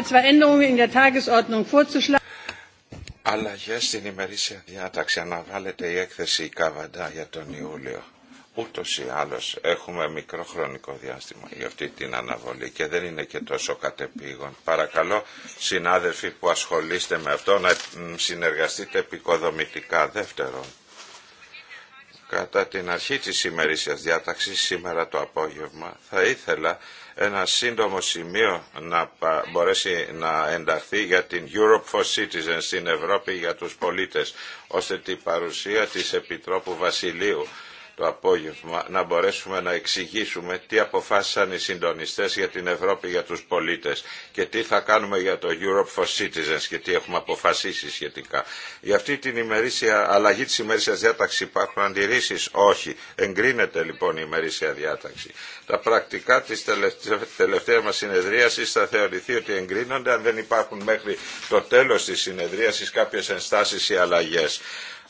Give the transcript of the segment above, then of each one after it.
habe zwei Änderungen Αλλαγέ στην ημερήσια διάταξη αναβάλλεται η έκθεση Καβαντά για τον Ιούλιο. Ούτω ή άλλω έχουμε μικρό χρονικό διάστημα για αυτή την αναβολή και δεν είναι και τόσο κατεπήγον. Παρακαλώ, συνάδελφοι που ασχολείστε με αυτό, να συνεργαστείτε επικοδομητικά. Δεύτερον, κατά την αρχή τη ημερήσια διάταξη, σήμερα το απόγευμα θα ήθελα ένα σύντομο σημείο να μπορέσει να ενταχθεί για την Europe for Citizens στην Ευρώπη για τους πολίτες, ώστε την παρουσία της Επιτρόπου Βασιλείου το απόγευμα να μπορέσουμε να εξηγήσουμε τι αποφάσισαν οι συντονιστές για την Ευρώπη για τους πολίτες και τι θα κάνουμε για το Europe for Citizens και τι έχουμε αποφασίσει σχετικά. Για αυτή την ημερήσια, αλλαγή της ημερήσια διάταξης υπάρχουν αντιρρήσεις. Όχι. Εγκρίνεται λοιπόν η ημερήσια διάταξη. Τα πρακτικά της τελευταίας μας συνεδρίασης θα θεωρηθεί ότι εγκρίνονται αν δεν υπάρχουν μέχρι το τέλος της συνεδρίασης κάποιες ενστάσεις ή αλλαγές.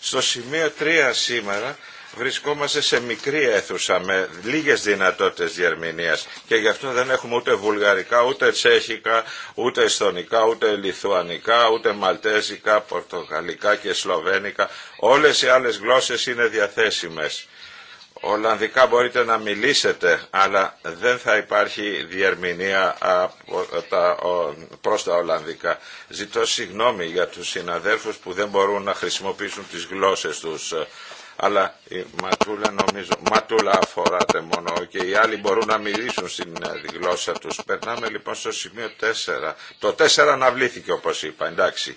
Στο σημείο 3 σήμερα βρισκόμαστε σε μικρή αίθουσα με λίγες δυνατότητες διερμηνίας και γι' αυτό δεν έχουμε ούτε βουλγαρικά, ούτε τσέχικα, ούτε εσθονικά, ούτε λιθουανικά, ούτε μαλτέζικα, πορτογαλικά και σλοβένικα. Όλες οι άλλες γλώσσες είναι διαθέσιμες. Ολλανδικά μπορείτε να μιλήσετε, αλλά δεν θα υπάρχει διερμηνία προς τα Ολλανδικά. Ζητώ συγγνώμη για τους συναδέλφους που δεν μπορούν να χρησιμοποιήσουν τις γλώσσες τους ε, αλλά η Ματούλα νομίζω, Ματούλα αφοράται μόνο και οι άλλοι μπορούν να μιλήσουν στην ε, γλώσσα τους. Περνάμε λοιπόν στο σημείο 4. Το 4 αναβλήθηκε όπως είπα, εντάξει.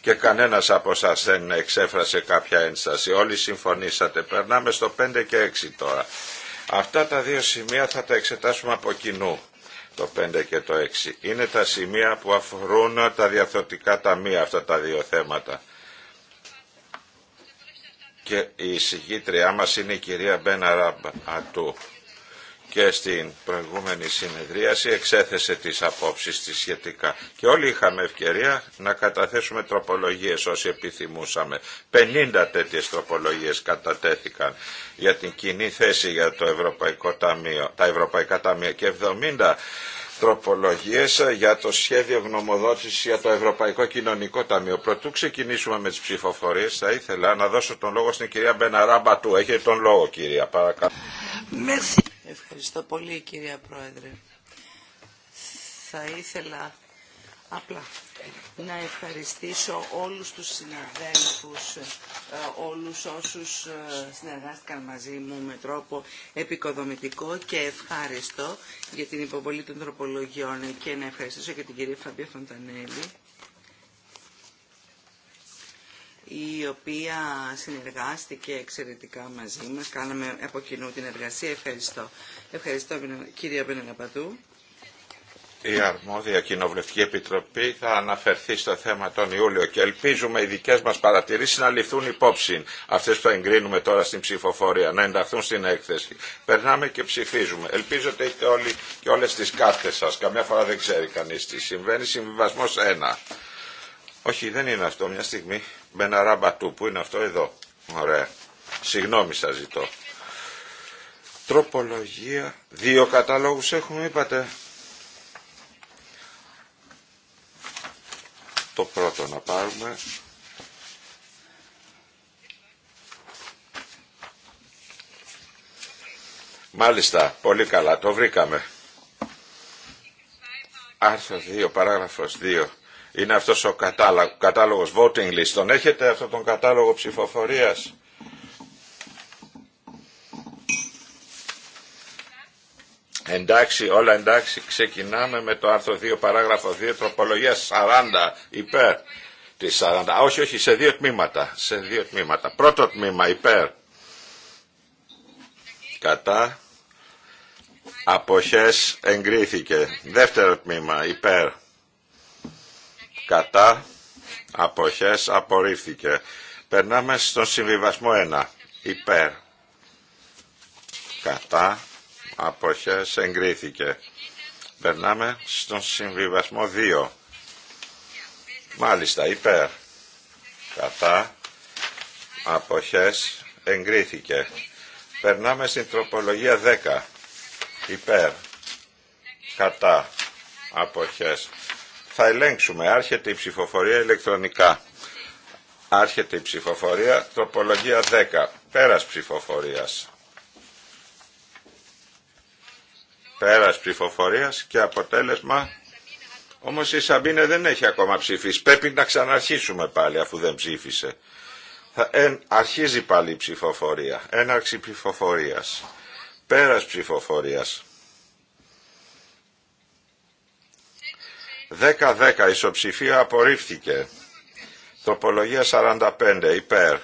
Και κανένας από εσά δεν εξέφρασε κάποια ένσταση. Όλοι συμφωνήσατε. Περνάμε στο 5 και 6 τώρα. Αυτά τα δύο σημεία θα τα εξετάσουμε από κοινού το 5 και το 6. Είναι τα σημεία που αφορούν τα διαθωτικά ταμεία αυτά τα δύο θέματα και η συγκήτριά μας είναι η κυρία Μπέναραμπ Ατού και στην προηγούμενη συνεδρίαση εξέθεσε τις απόψεις της σχετικά. Και όλοι είχαμε ευκαιρία να καταθέσουμε τροπολογίες όσοι επιθυμούσαμε. 50 τέτοιες τροπολογίες κατατέθηκαν για την κοινή θέση για το Ευρωπαϊκό Ταμείο, τα Ευρωπαϊκά Ταμεία και 70 τροπολογίες ε, για το σχέδιο γνωμοδότησης για το Ευρωπαϊκό Κοινωνικό Ταμείο. Πρωτού ξεκινήσουμε με τις ψηφοφορίες, θα ήθελα να δώσω τον λόγο στην κυρία Μπεναράμπα του. Έχετε τον λόγο κυρία, παρακαλώ. Ευχαριστώ πολύ κυρία Πρόεδρε. Θα ήθελα Απλά να ευχαριστήσω όλους τους συναδέλφους, ε, όλους όσους ε, συνεργάστηκαν μαζί μου με τρόπο επικοδομητικό και ευχάριστο για την υποβολή των τροπολογιών και να ευχαριστήσω και την κυρία Φαμπία Φοντανέλη η οποία συνεργάστηκε εξαιρετικά μαζί μας. Κάναμε από κοινού την εργασία. Ευχαριστώ. Ευχαριστώ κυρία Πενεναπατού η αρμόδια κοινοβουλευτική επιτροπή θα αναφερθεί στο θέμα τον Ιούλιο και ελπίζουμε οι δικέ μα παρατηρήσει να ληφθούν υπόψη. Αυτέ που θα εγκρίνουμε τώρα στην ψηφοφορία, να ενταχθούν στην έκθεση. Περνάμε και ψηφίζουμε. Ελπίζω ότι έχετε όλοι και όλε τι κάρτε σα. Καμιά φορά δεν ξέρει κανεί τι συμβαίνει. Συμβιβασμό 1. Όχι, δεν είναι αυτό. Μια στιγμή. ράμπα του. Πού είναι αυτό εδώ. Ωραία. Συγγνώμη σα ζητώ. Τροπολογία. Δύο καταλόγου έχουμε, είπατε. το πρώτο να πάρουμε. Μάλιστα, πολύ καλά, το βρήκαμε. Άρθρο 2, παράγραφος 2. Είναι αυτός ο κατάλογος, voting list. Τον έχετε αυτόν τον κατάλογο ψηφοφορίας. Εντάξει, όλα εντάξει. Ξεκινάμε με το άρθρο 2, παράγραφο 2, τροπολογία 40, υπέρ τη 40. Όχι, όχι, σε δύο τμήματα. Σε δύο τμήματα. Πρώτο τμήμα, υπέρ. Κατά. Αποχές εγκρίθηκε. Δεύτερο τμήμα, υπέρ. Κατά. Αποχές απορρίφθηκε. Περνάμε στον συμβιβασμό 1. Υπέρ. Κατά αποχές εγκρίθηκε. Περνάμε στον συμβιβασμό 2. Μάλιστα, υπέρ. Κατά. Αποχές εγκρίθηκε. Περνάμε στην τροπολογία 10. Υπέρ. Κατά. Αποχές. Θα ελέγξουμε. Άρχεται η ψηφοφορία ηλεκτρονικά. Άρχεται η ψηφοφορία. Τροπολογία 10. Πέρας ψηφοφορίας. Πέρας ψηφοφορίας και αποτέλεσμα. Όμως η Σαμπίνε δεν έχει ακόμα ψηφίσει. Πρέπει να ξαναρχίσουμε πάλι αφού δεν ψήφισε. Ε, αρχίζει πάλι η ψηφοφορία. Έναρξη ψηφοφορίας. Πέρας ψηφοφορίας. 10-10 ισοψηφία απορρίφθηκε. Τροπολογία 45 υπέρ.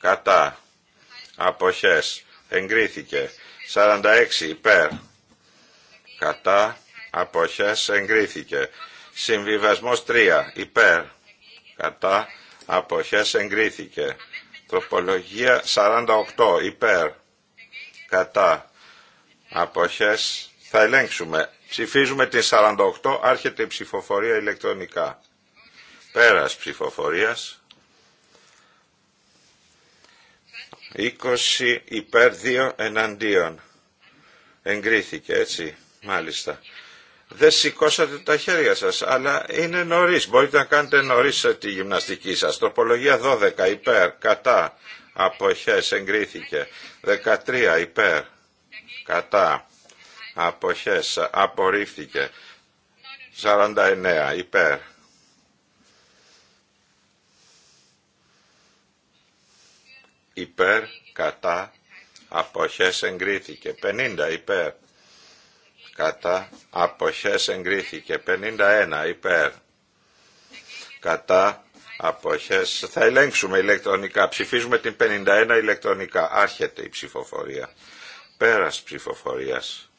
Κατά. Αποχές. Εγκρίθηκε. 46 υπέρ κατά, αποχές, εγκρίθηκε. Συμβιβασμός 3, υπέρ, κατά, αποχές, εγκρίθηκε. Τροπολογία 48, υπέρ, κατά, αποχές, θα ελέγξουμε. Ψηφίζουμε την 48, άρχεται η ψηφοφορία ηλεκτρονικά. Πέρας ψηφοφορίας. 20 υπέρ 2 εναντίον. Εγκρίθηκε έτσι. Μάλιστα. Δεν σηκώσατε τα χέρια σας, αλλά είναι νωρίς. Μπορείτε να κάνετε νωρίς ε, τη γυμναστική σας. Τροπολογία 12 υπέρ, κατά, αποχές, εγκρίθηκε. 13 υπέρ, κατά, αποχές, απορρίφθηκε. 49 υπέρ. Υπέρ, κατά, αποχές, εγκρίθηκε. 50 υπέρ κατά αποχές εγκρίθηκε 51 υπέρ κατά αποχές θα ελέγξουμε ηλεκτρονικά ψηφίζουμε την 51 ηλεκτρονικά άρχεται η ψηφοφορία πέρας ψηφοφορίας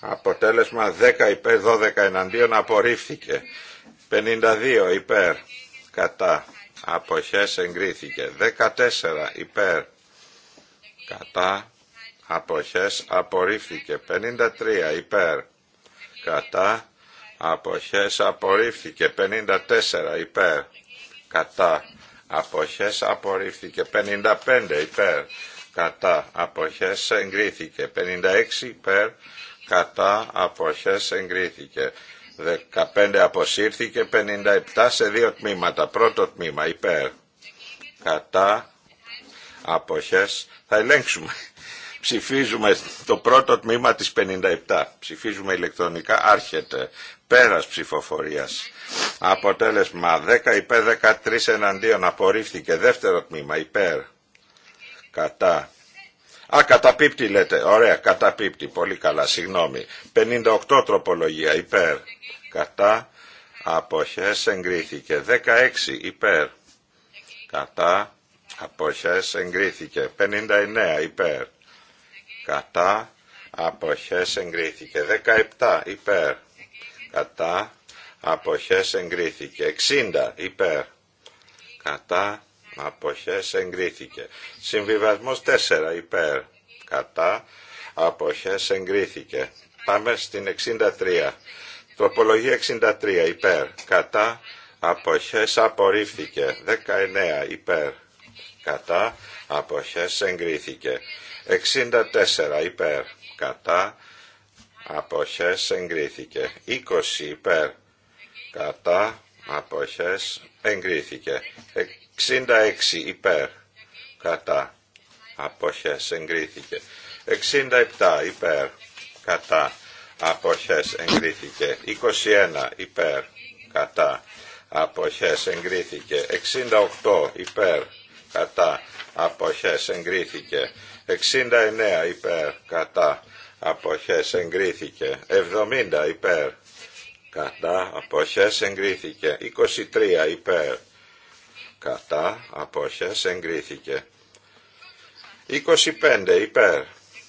αποτέλεσμα 10 υπέρ 12 εναντίον απορρίφθηκε 52 υπέρ κατά αποχές εγκρίθηκε 14 υπέρ κατά αποχές απορρίφθηκε 53 υπέρ κατά αποχές απορρίφθηκε 54 υπέρ κατά αποχές απορρίφθηκε 55 υπέρ κατά αποχές εγκρίθηκε 56 υπέρ κατά αποχές εγκρίθηκε 15 αποσύρθηκε 57 σε δύο τμήματα πρώτο τμήμα υπέρ κατά αποχές θα ελέγξουμε Ψηφίζουμε το πρώτο τμήμα της 57. Ψηφίζουμε ηλεκτρονικά. Άρχεται. Πέρας ψηφοφορίας. Αποτέλεσμα 10 υπέρ 13 εναντίον. Απορρίφθηκε. Δεύτερο τμήμα υπέρ. Κατά. Α, καταπίπτει λέτε. Ωραία, καταπίπτει. Πολύ καλά, συγγνώμη. 58 τροπολογία υπέρ. Κατά. Αποχές εγκρίθηκε. 16 υπέρ. Κατά. Αποχές εγκρίθηκε. 59 υπέρ κατά αποχές εγκρίθηκε 17 υπέρ κατά αποχές εγκρίθηκε 60 υπέρ κατά αποχές εγκρίθηκε συμβιβασμός 4 υπέρ κατά αποχές εγκρίθηκε πάμε στην 63 τροπολογία 63 υπέρ κατά αποχές απορρίφθηκε 19 υπέρ κατά αποχές εγκρίθηκε 64 υπέρ κατά αποχές εγκρίθηκε. 20 υπέρ κατά αποχές εγκρίθηκε. 66 υπέρ κατά αποχές εγκρίθηκε. 67 υπέρ κατά αποχές εγκρίθηκε. 21 υπέρ κατά αποχές εγκρίθηκε. 68 υπέρ κατά αποχές εγκρίθηκε. 69 υπέρ κατά αποχές εγκρίθηκε. 70 υπέρ κατά αποχές εγκρίθηκε. 23 υπέρ κατά αποχές εγκρίθηκε. 25 υπέρ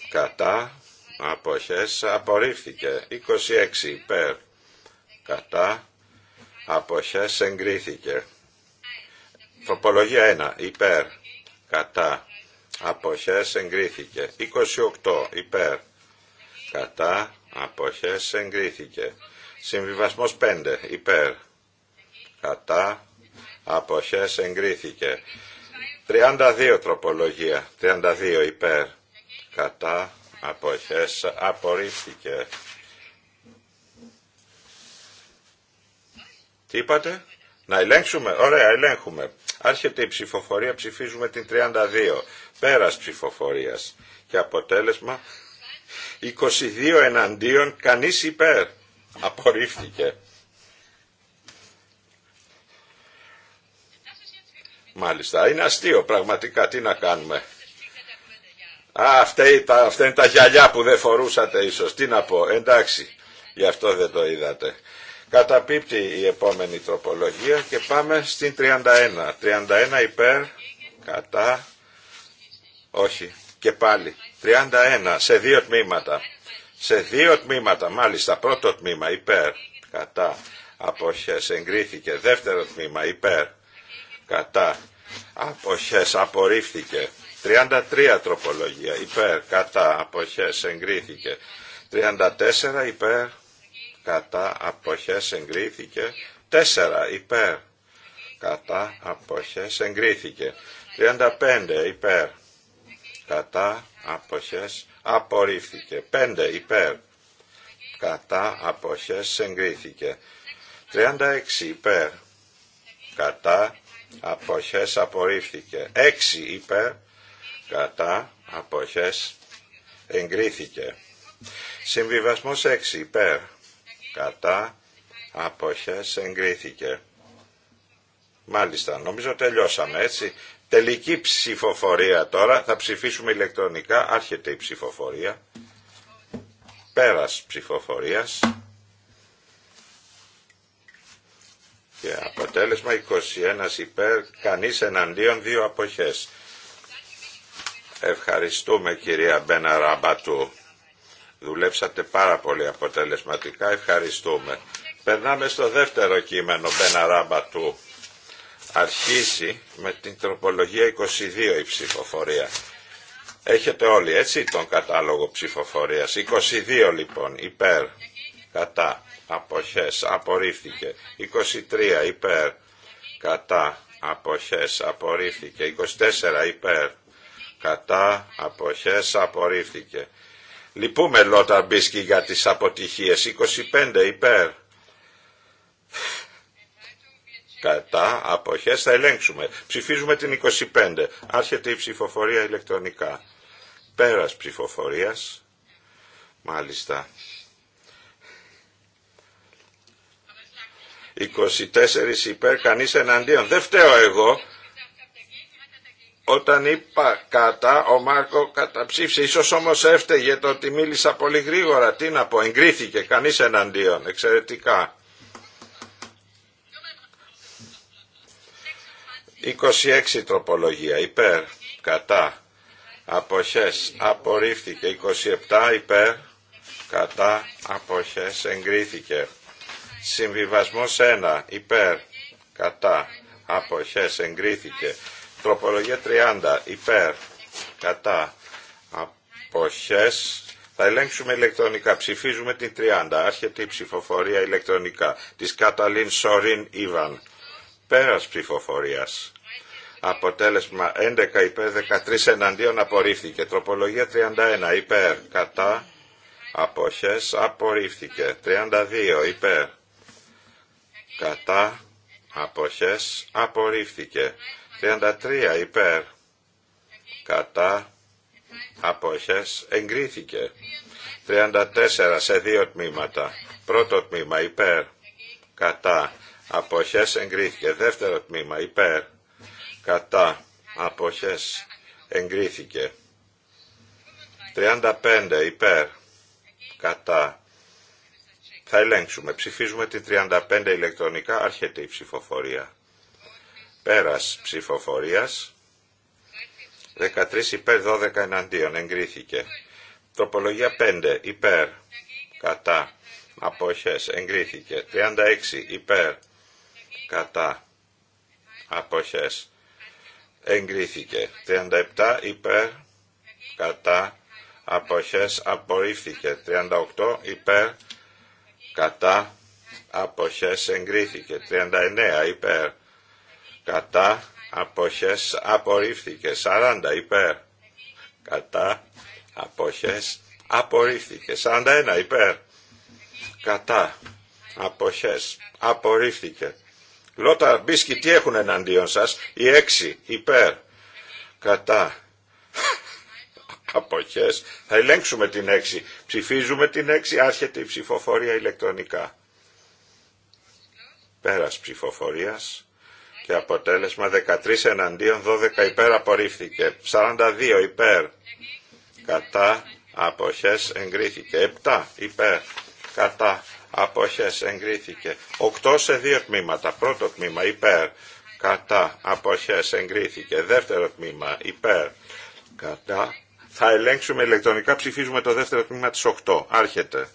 κατά αποχές απορρίφθηκε. 26 υπέρ κατά αποχές εγκρίθηκε. Φοπολογία 1 υπέρ κατά Αποχέ εγκρίθηκε. 28 υπέρ κατά αποχές εγκρίθηκε. Συμβιβασμό 5 υπέρ κατά αποχές εγκρίθηκε. 32 τροπολογία, 32 υπέρ κατά αποχές απορρίφθηκε. Τι είπατε? Να ελέγξουμε. Ωραία, ελέγχουμε. Άρχεται η ψηφοφορία, ψηφίζουμε την 32. Πέρας ψηφοφορίας. Και αποτέλεσμα 22 εναντίον, κανείς υπέρ. Απορρίφθηκε. Μάλιστα, είναι αστείο πραγματικά, τι να κάνουμε. Α, αυτά, είναι τα γυαλιά που δεν φορούσατε ίσως, τι να πω, εντάξει, γι' αυτό δεν το είδατε. Καταπίπτει η επόμενη τροπολογία και πάμε στην 31. 31 υπέρ, κατά, όχι. Και πάλι. 31 σε δύο τμήματα. Σε δύο τμήματα μάλιστα. Πρώτο τμήμα υπέρ. Κατά. Αποχές εγκρίθηκε. Δεύτερο τμήμα υπέρ. Κατά. Αποχές απορρίφθηκε. 33 τροπολογία υπέρ. Κατά. Αποχές εγκρίθηκε. 34 υπέρ. Κατά. Αποχές εγκρίθηκε. 4 υπέρ. Κατά. Αποχές εγκρίθηκε. 35 υπέρ κατά αποχές απορρίφθηκε. 5 υπέρ κατά αποχές εγκρίθηκε. 36 υπέρ κατά αποχές απορρίφθηκε. 6 υπέρ κατά αποχές εγκρίθηκε. Συμβιβασμός 6 υπέρ κατά αποχές εγκρίθηκε. Μάλιστα, νομίζω τελειώσαμε έτσι. Τελική ψηφοφορία τώρα. Θα ψηφίσουμε ηλεκτρονικά. Άρχεται η ψηφοφορία. Πέρας ψηφοφορίας. Και αποτέλεσμα 21 υπέρ, κανείς εναντίον, δύο αποχές. Ευχαριστούμε κυρία Μπένα Ραμπατού. Δουλέψατε πάρα πολύ αποτελεσματικά. Ευχαριστούμε. Περνάμε στο δεύτερο κείμενο Μπένα Ραμπατού. Αρχίσει με την τροπολογία 22 η ψηφοφορία. Έχετε όλοι έτσι τον κατάλογο ψηφοφορίας. 22 λοιπόν υπέρ, κατά, αποχές, απορρίφθηκε. 23 υπέρ, κατά, αποχές, απορρίφθηκε. 24 υπέρ, κατά, αποχές, απορρίφθηκε. Λυπούμε Λότα Μπίσκι για τις αποτυχίες. 25 υπέρ, κατά, αποχές, θα ελέγξουμε. Ψηφίζουμε την 25. Άρχεται η ψηφοφορία ηλεκτρονικά. Πέρας ψηφοφορίας. Μάλιστα. 24 υπέρ, κανείς εναντίον. Δεν φταίω εγώ. Όταν είπα κατά, ο Μάρκο καταψήφισε. Ίσως όμως έφταιγε το ότι μίλησα πολύ γρήγορα. Τι να πω, εγκρίθηκε κανείς εναντίον. Εξαιρετικά. 26 τροπολογία υπέρ, κατά, αποχές, απορρίφθηκε. 27 υπέρ, κατά, αποχές, εγκρίθηκε. Συμβιβασμός 1 υπέρ, κατά, αποχές, εγκρίθηκε. Τροπολογία 30 υπέρ, κατά, αποχές, θα ελέγξουμε ηλεκτρονικά. Ψηφίζουμε την 30. Άρχεται η ψηφοφορία ηλεκτρονικά. Της Καταλήν Σορίν Ιβαν. Πέρας ψηφοφορίας. Αποτέλεσμα 11 υπέρ 13 εναντίον απορρίφθηκε. Τροπολογία 31 υπέρ κατά αποχές απορρίφθηκε. 32 υπέρ κατά αποχές απορρίφθηκε. 33 υπέρ κατά αποχές εγκρίθηκε. 34 σε δύο τμήματα. Πρώτο τμήμα υπέρ κατά αποχές εγκρίθηκε. Δεύτερο τμήμα υπέρ κατά αποχές εγκρίθηκε. 35 υπέρ κατά θα ελέγξουμε. Ψηφίζουμε την 35 ηλεκτρονικά. Άρχεται η ψηφοφορία. Πέρας ψηφοφορίας. 13 υπέρ 12 εναντίον. Εγκρίθηκε. Τροπολογία 5 υπέρ κατά αποχές εγκρίθηκε. 36 υπέρ κατά αποχές εγκρίθηκε 37 υπέρ κατά αποχές απορρίφθηκε 38 υπέρ κατά αποχές εγκρίθηκε 39 υπέρ κατά αποχές απορρίφθηκε 40 υπέρ κατά αποχές απορρίφθηκε 41 υπέρ κατά αποχές απορρίφθηκε Λότα Μπίσκι τι έχουν εναντίον σας. Οι έξι υπέρ. Κατά. Αποχές. Θα ελέγξουμε την έξι. Ψηφίζουμε την έξι. Άρχεται η ψηφοφορία ηλεκτρονικά. Πέρας ψηφοφορίας. Και αποτέλεσμα 13 εναντίον 12 υπέρ απορρίφθηκε. 42 υπέρ. Κατά. Αποχές εγκρίθηκε. 7 υπέρ. Κατά αποχές εγκρίθηκε. 8 σε δύο τμήματα. Πρώτο τμήμα υπέρ κατά αποχές εγκρίθηκε. Δεύτερο τμήμα υπέρ κατά. Θα ελέγξουμε ηλεκτρονικά ψηφίζουμε το δεύτερο τμήμα της 8. Άρχεται.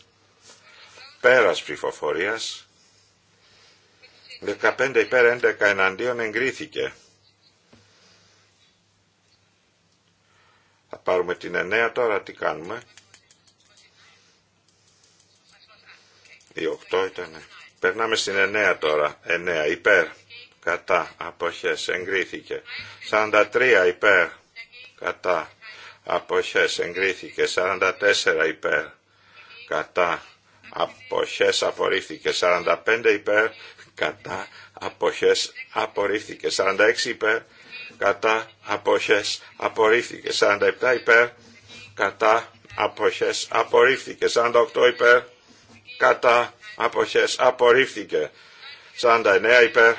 Πέρας ψηφοφορίας. 15 υπέρ 11 εναντίον εγκρίθηκε. Θα πάρουμε την 9 τώρα, τι κάνουμε. Η 8 ήταν. Περνάμε στην 9 τώρα. 9 υπέρ. Κατά. Αποχές. Εγκρίθηκε. 43 υπέρ. Κατά. Αποχές. Εγκρίθηκε. 44 υπέρ. Κατά. Αποχές. Απορρίφθηκε. 45 υπέρ. Κατά. Αποχές. Απορρίφθηκε. 46 υπέρ. Κατά. Αποχές. Απορρίφθηκε. 47 υπέρ. Κατά. Αποχές. Απορρίφθηκε. 48 υπέρ κατά αποχές απορρίφθηκε 49 υπέρ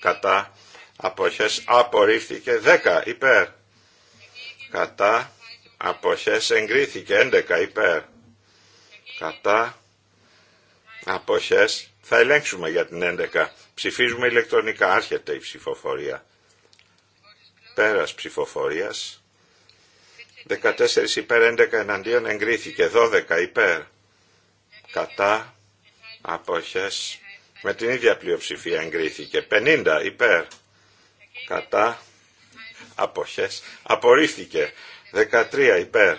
κατά αποχές απορρίφθηκε 10 υπέρ κατά αποχές εγκρίθηκε 11 υπέρ κατά αποχές θα ελέγξουμε για την 11 ψηφίζουμε ηλεκτρονικά άρχεται η ψηφοφορία πέρας ψηφοφορίας 14 υπέρ 11 εναντίον εγκρίθηκε 12 υπέρ κατά αποχές με την ίδια πλειοψηφία εγκρίθηκε 50 υπέρ κατά αποχές απορρίφθηκε 13 υπέρ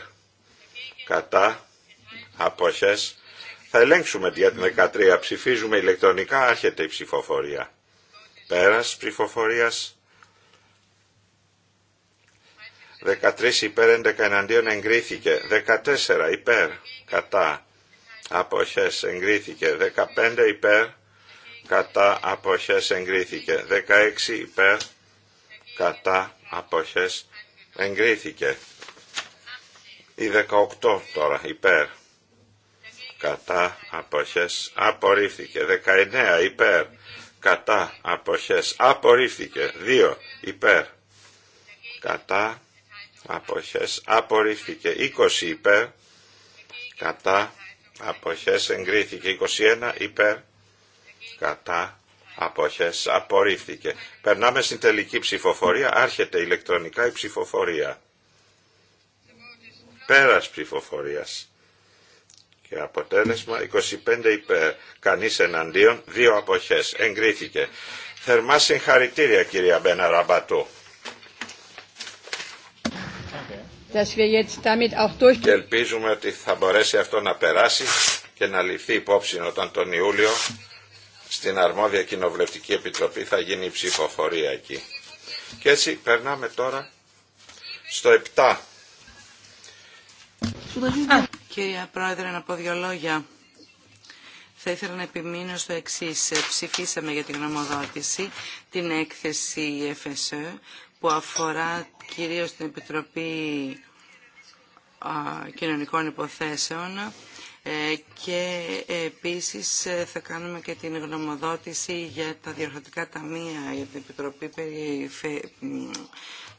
κατά αποχές θα ελέγξουμε για την 13 ψηφίζουμε ηλεκτρονικά άρχεται η ψηφοφορία πέρας ψηφοφορίας 13 υπέρ 11 εναντίον εγκρίθηκε 14 υπέρ κατά αποχές εγκρίθηκε 15 υπέρ κατά αποχές εγκρίθηκε 16 υπέρ κατά αποχές εγκρίθηκε η 18 τώρα υπέρ κατά αποχές απορρίφθηκε 19 υπέρ κατά αποχές απορρίφθηκε 2 υπέρ κατά αποχές απορρίφθηκε 20 υπέρ κατά αποχές εγκρίθηκε 21 υπέρ κατά αποχές απορρίφθηκε. Περνάμε στην τελική ψηφοφορία, άρχεται ηλεκτρονικά η ψηφοφορία. Πέρας ψηφοφορίας. Και αποτέλεσμα 25 υπέρ, κανείς εναντίον, δύο αποχές. Εγκρίθηκε. Θερμά συγχαρητήρια κυρία Μπένα Ραμπατού. Και ελπίζουμε ότι θα μπορέσει αυτό να περάσει και να ληφθεί υπόψη όταν τον Ιούλιο στην αρμόδια κοινοβουλευτική επιτροπή θα γίνει η ψηφοφορία εκεί. Και έτσι περνάμε τώρα στο 7. Κυρία Πρόεδρε, να πω δύο λόγια. Θα ήθελα να επιμείνω στο εξή. Ψηφίσαμε για την γνωμοδότηση την έκθεση FSE που αφορά κυρίως την Επιτροπή Κοινωνικών Υποθέσεων ε, και επίσης ε, θα κάνουμε και την γνωμοδότηση για τα διορθωτικά ταμεία για την Επιτροπή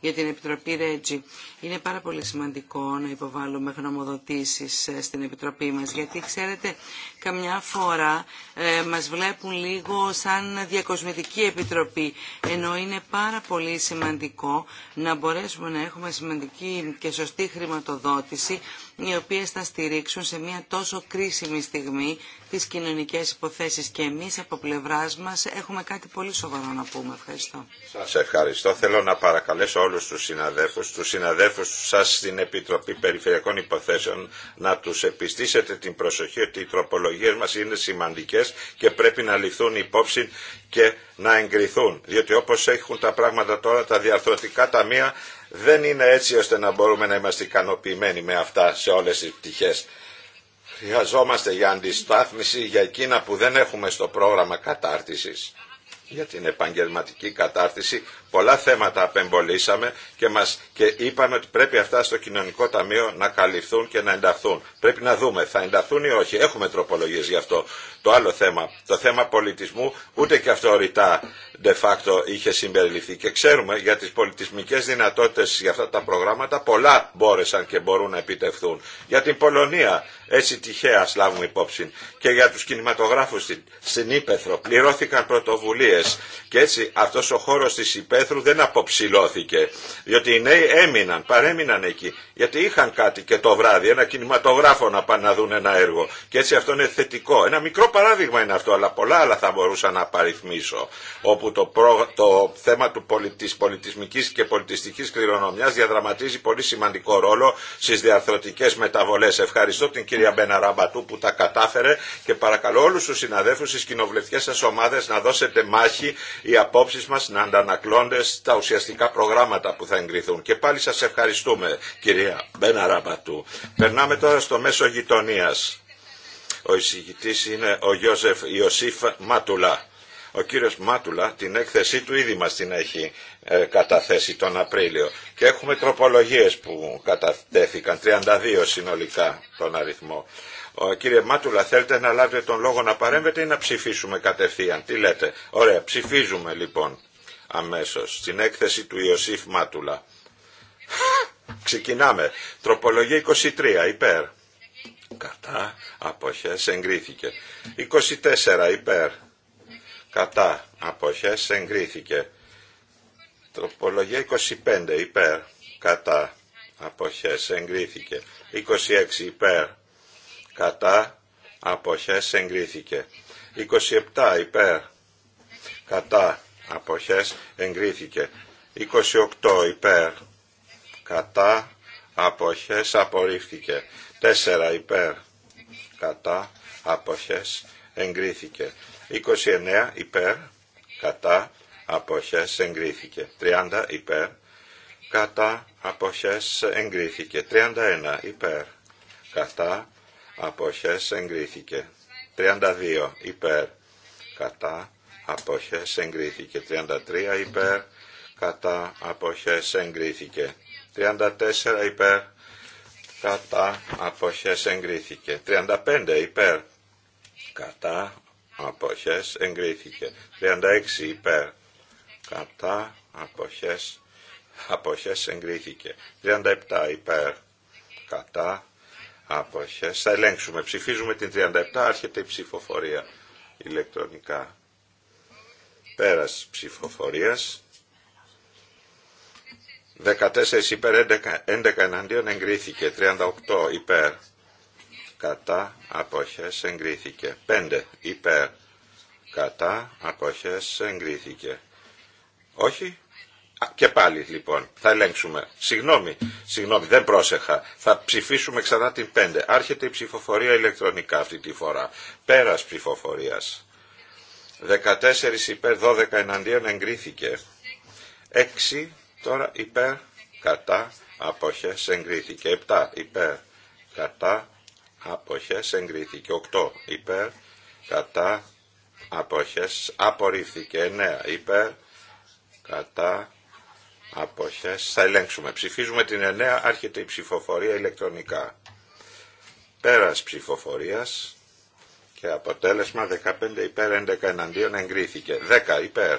για την Επιτροπή Ρέτζι. Είναι πάρα πολύ σημαντικό να υποβάλουμε γνωμοδοτήσεις ε, στην Επιτροπή μας, γιατί ξέρετε, καμιά φορά ε, μας βλέπουν λίγο σαν διακοσμητική Επιτροπή, ενώ είναι πάρα πολύ σημαντικό να μπορέσουμε να έχουμε σημαντική και σωστή χρηματοδότηση οι οποίες θα στηρίξουν σε μια τόσο κρίσιμη στιγμή τις κοινωνικές υποθέσεις. Και εμείς από πλευράς μας έχουμε κάτι πολύ σοβαρό να πούμε. Ευχαριστώ. Σας ευχαριστώ. Θέλω να παρακαλέσω όλους τους συναδέλφους, τους συναδέλφους σας στην Επιτροπή Περιφερειακών Υποθέσεων να τους επιστήσετε την προσοχή ότι οι τροπολογίες μας είναι σημαντικές και πρέπει να ληφθούν υπόψη και να εγκριθούν. Διότι όπως έχουν τα πράγματα τώρα τα διαρθρωτικά ταμεία δεν είναι έτσι ώστε να μπορούμε να είμαστε ικανοποιημένοι με αυτά σε όλες τις πτυχές. Χρειαζόμαστε για αντιστάθμιση για εκείνα που δεν έχουμε στο πρόγραμμα κατάρτισης για την επαγγελματική κατάρτιση. Πολλά θέματα απεμπολίσαμε και, μας, και είπαμε ότι πρέπει αυτά στο κοινωνικό ταμείο να καλυφθούν και να ενταχθούν. Πρέπει να δούμε, θα ενταχθούν ή όχι. Έχουμε τροπολογίες γι' αυτό. Το άλλο θέμα, το θέμα πολιτισμού, ούτε και αυτό ρητά de facto είχε συμπεριληφθεί. Και ξέρουμε για τις πολιτισμικές δυνατότητες για αυτά τα προγράμματα πολλά μπόρεσαν και μπορούν να επιτευχθούν. Για την Πολωνία έτσι τυχαία ας λάβουμε υπόψη. Και για τους κινηματογράφους στην, Ήπεθρο πληρώθηκαν πρωτοβουλίες και έτσι αυτός ο χώρος της Ήπεθρου δεν αποψηλώθηκε. Διότι οι νέοι έμειναν, παρέμειναν εκεί. Γιατί είχαν κάτι και το βράδυ, ένα κινηματογράφο να πάνε να δουν ένα έργο. Και έτσι αυτό είναι θετικό. Ένα μικρό παράδειγμα είναι αυτό, αλλά πολλά άλλα θα μπορούσα να παριθμίσω. Όπου το, το θέμα του πολιτισμική πολιτισμικής και πολιτιστικής κληρονομιάς διαδραματίζει πολύ σημαντικό ρόλο στις διαρθρωτικές μεταβολές. Ευχαριστώ την κυρία κυρία Μπεναραμπατού που τα κατάφερε και παρακαλώ όλους τους συναδέλφους στις κοινοβουλευτικές σας ομάδες να δώσετε μάχη οι απόψεις μας να αντανακλώνται στα ουσιαστικά προγράμματα που θα εγκριθούν. Και πάλι σας ευχαριστούμε κυρία Μπεναραμπατού. Περνάμε τώρα στο μέσο γειτονίας. Ο εισηγητής είναι ο Ιωσήφ Ματουλά. Ο κύριος Μάτουλα την έκθεσή του ήδη μας την έχει ε, καταθέσει τον Απρίλιο και έχουμε τροπολογίες που κατατέθηκαν, 32 συνολικά τον αριθμό. Ο κύριε Μάτουλα, θέλετε να λάβετε τον λόγο να παρέμβετε ή να ψηφίσουμε κατευθείαν. Τι λέτε. Ωραία, ψηφίζουμε λοιπόν αμέσως στην έκθεση του Ιωσήφ Μάτουλα. Ξεκινάμε. Τροπολογία 23, υπέρ. Κατά, αποχές, εγκρίθηκε. 24, υπέρ κατά αποχές εγκρίθηκε. Τροπολογία 25 υπέρ κατά αποχές εγκρίθηκε. 26 υπέρ κατά αποχές εγκρίθηκε. 27 υπέρ κατά αποχές εγκρίθηκε. 28 υπέρ κατά αποχές απορρίφθηκε. 4 υπέρ κατά αποχές εγκρίθηκε. 29 υπέρ, κατά, αποχές εγκρίθηκε. 30 υπέρ, κατά, αποχές εγκρίθηκε. 31 υπέρ, κατά, αποχές εγκρίθηκε. 32 υπέρ, κατά, αποχές εγκρίθηκε. 33 υπέρ, κατά, αποχές εγκρίθηκε. 34 υπέρ, κατά, αποχές εγκρίθηκε. 35 υπέρ, κατά, αποχές εγκρίθηκε. 36 υπέρ κατά αποχές αποχές εγκρίθηκε. 37 υπέρ κατά αποχές. Θα ελέγξουμε. Ψηφίζουμε την 37. Άρχεται η ψηφοφορία ηλεκτρονικά. Πέρας ψηφοφορίας. 14 υπέρ 11, 11 εναντίον εγκρίθηκε. 38 υπέρ κατά αποχές εγκρίθηκε. 5 υπέρ κατά αποχές εγκρίθηκε. Όχι. Α, και πάλι λοιπόν θα ελέγξουμε. Συγγνώμη, συγγνώμη δεν πρόσεχα. Θα ψηφίσουμε ξανά την 5. Άρχεται η ψηφοφορία ηλεκτρονικά αυτή τη φορά. Πέρας ψηφοφορίας. 14 υπέρ 12 εναντίον εγκρίθηκε. 6 τώρα υπέρ κατά αποχές εγκρίθηκε. 7 υπέρ κατά αποχές εγκρίθηκε 8 υπέρ κατά αποχές απορρίφθηκε 9 υπέρ κατά αποχές θα ελέγξουμε ψηφίζουμε την 9 άρχεται η ψηφοφορία ηλεκτρονικά πέρας ψηφοφορίας και αποτέλεσμα 15 υπέρ 11 εναντίον εγκρίθηκε 10 υπέρ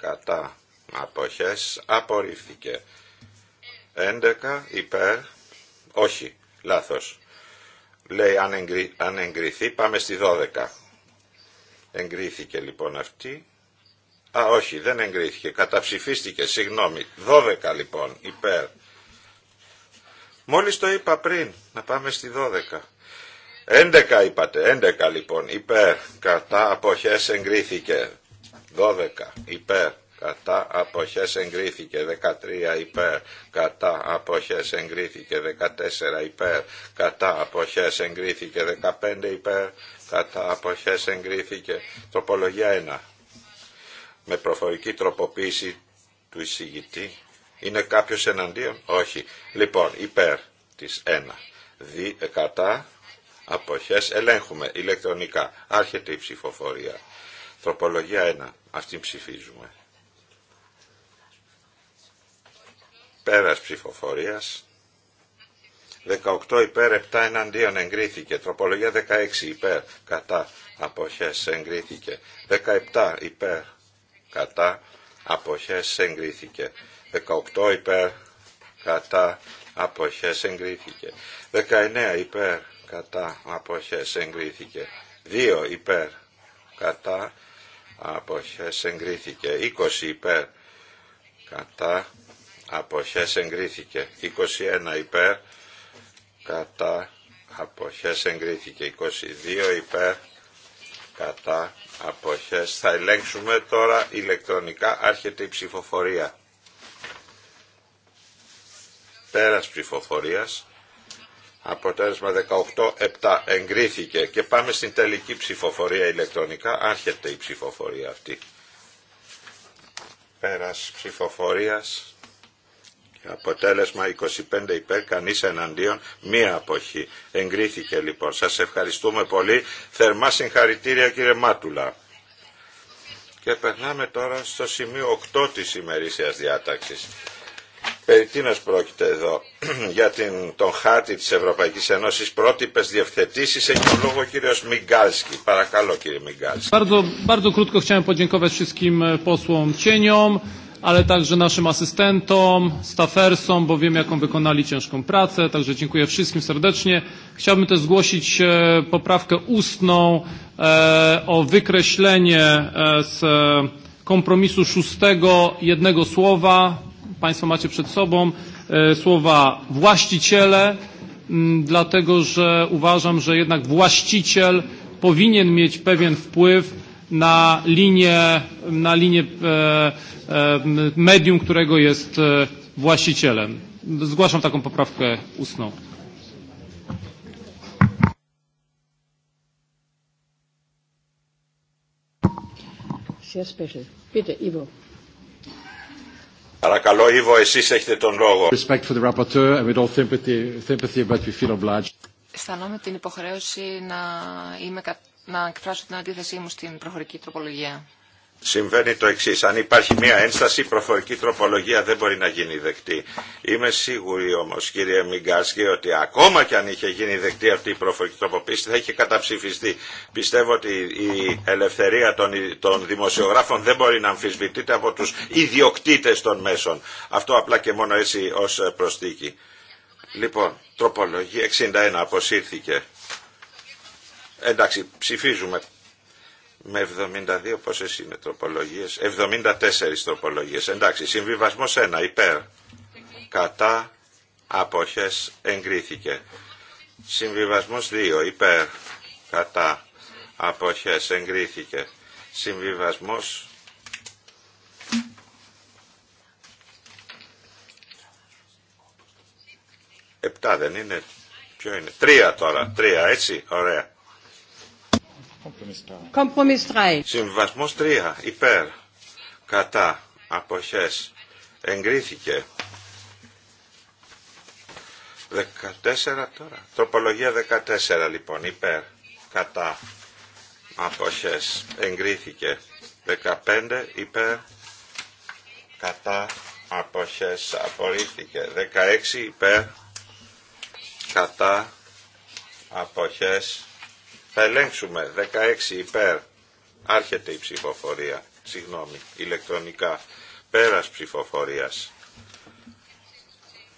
κατά αποχές απορρίφθηκε 11 υπέρ όχι λάθος λέει αν, εγκρι... αν εγκριθεί πάμε στη 12. Εγκρίθηκε λοιπόν αυτή. Α, όχι, δεν εγκρίθηκε. Καταψηφίστηκε, συγγνώμη. 12 λοιπόν, υπέρ. Μόλις το είπα πριν, να πάμε στη 12. 11 είπατε, 11 λοιπόν, υπέρ, κατά, αποχές εγκρίθηκε. 12, υπέρ, κατά αποχές εγκρίθηκε 13 υπέρ κατά αποχές εγκρίθηκε 14 υπέρ κατά αποχές εγκρίθηκε 15 υπέρ κατά αποχές εγκρίθηκε τροπολογία 1 με προφορική τροποποίηση του εισηγητή είναι κάποιος εναντίον όχι λοιπόν υπέρ της 1 δι, ε, κατά αποχές ελέγχουμε ηλεκτρονικά άρχεται η ψηφοφορία τροπολογία 1 αυτήν ψηφίζουμε Πέρας ψηφοφορία, 18 υπέρ, 7 εναντίον εγκρίθηκε. Τροπολογία 16 υπέρ, κατά αποχές εγκρίθηκε. 17 υπέρ, κατά αποχές εγκρίθηκε. 18 υπέρ, κατά αποχές εγκρίθηκε. 19 υπέρ, κατά αποχές εγκρίθηκε. 2 υπέρ, κατά αποχές εγκρίθηκε. 20 υπέρ, κατά αποχές εγκρίθηκε 21 υπέρ κατά αποχές εγκρίθηκε 22 υπέρ κατά αποχές θα ελέγξουμε τώρα ηλεκτρονικά άρχεται η ψηφοφορία πέρας ψηφοφορίας αποτέλεσμα 18-7 εγκρίθηκε και πάμε στην τελική ψηφοφορία ηλεκτρονικά άρχεται η ψηφοφορία αυτή πέρας ψηφοφορίας Αποτέλεσμα 25 υπέρ, κανεί εναντίον, μία αποχή. Εγκρίθηκε λοιπόν. Σα ευχαριστούμε πολύ. Θερμά συγχαρητήρια κύριε Μάτουλα. Και περνάμε τώρα στο σημείο 8 τη ημερησία διάταξη. Περί τίνος πρόκειται εδώ για τον χάρτη της Ευρωπαϊκής Ένωσης πρότυπες διευθετήσεις έχει τον λόγο ο κύριος Μιγκάλσκι. Παρακαλώ κύριε Μιγκάλσκι ale także naszym asystentom, stafersom, bo wiem, jaką wykonali ciężką pracę. Także dziękuję wszystkim serdecznie. Chciałbym też zgłosić poprawkę ustną o wykreślenie z kompromisu szóstego jednego słowa. Państwo macie przed sobą słowa właściciele, dlatego że uważam, że jednak właściciel powinien mieć pewien wpływ na linię, na linię medium, którego jest właścicielem. Zgłaszam taką poprawkę ustną. Παρακαλώ, Ιβο, εσείς έχετε τον λόγο. Respect for the rapporteur and with all sympathy, sympathy but we feel obliged. Αισθανόμαι την υποχρέωση να είμαι να εκφράσω την αντίθεσή μου στην προφορική τροπολογία. Συμβαίνει το εξή. Αν υπάρχει μια ένσταση, η προφορική τροπολογία δεν μπορεί να γίνει δεκτή. Είμαι σίγουρη όμω, κύριε Μιγκάσκη, ότι ακόμα κι αν είχε γίνει δεκτή αυτή η προφορική τροποποίηση, θα είχε καταψηφιστεί. Πιστεύω ότι η ελευθερία των, των δημοσιογράφων δεν μπορεί να αμφισβητείται από του ιδιοκτήτε των μέσων. Αυτό απλά και μόνο έτσι ω προστίκη. Λοιπόν, τροπολογία 61 αποσύρθηκε. Εντάξει, ψηφίζουμε με 72 πόσες είναι τροπολογίες, 74 τροπολογίες. Εντάξει, συμβιβασμός 1, υπέρ, κατά, αποχές, εγκρίθηκε. Συμβιβασμός 2, υπέρ, κατά, αποχές, εγκρίθηκε. Συμβιβασμός Επτά δεν είναι. Ποιο είναι. Τρία τώρα. Τρία έτσι. Ωραία. Συμβασμός 3. Υπέρ. Κατά. Αποχές. Εγκρίθηκε. 14 τώρα. Τροπολογία 14 λοιπόν. Υπέρ. Κατά. Αποχές. Εγκρίθηκε. 15 υπέρ. Κατά. Αποχές. Απορρίφθηκε. 16 υπέρ. Κατά. Αποχές θα ελέγξουμε 16 υπέρ. Άρχεται η ψηφοφορία. Συγγνώμη, ηλεκτρονικά. Πέρας ψηφοφορίας.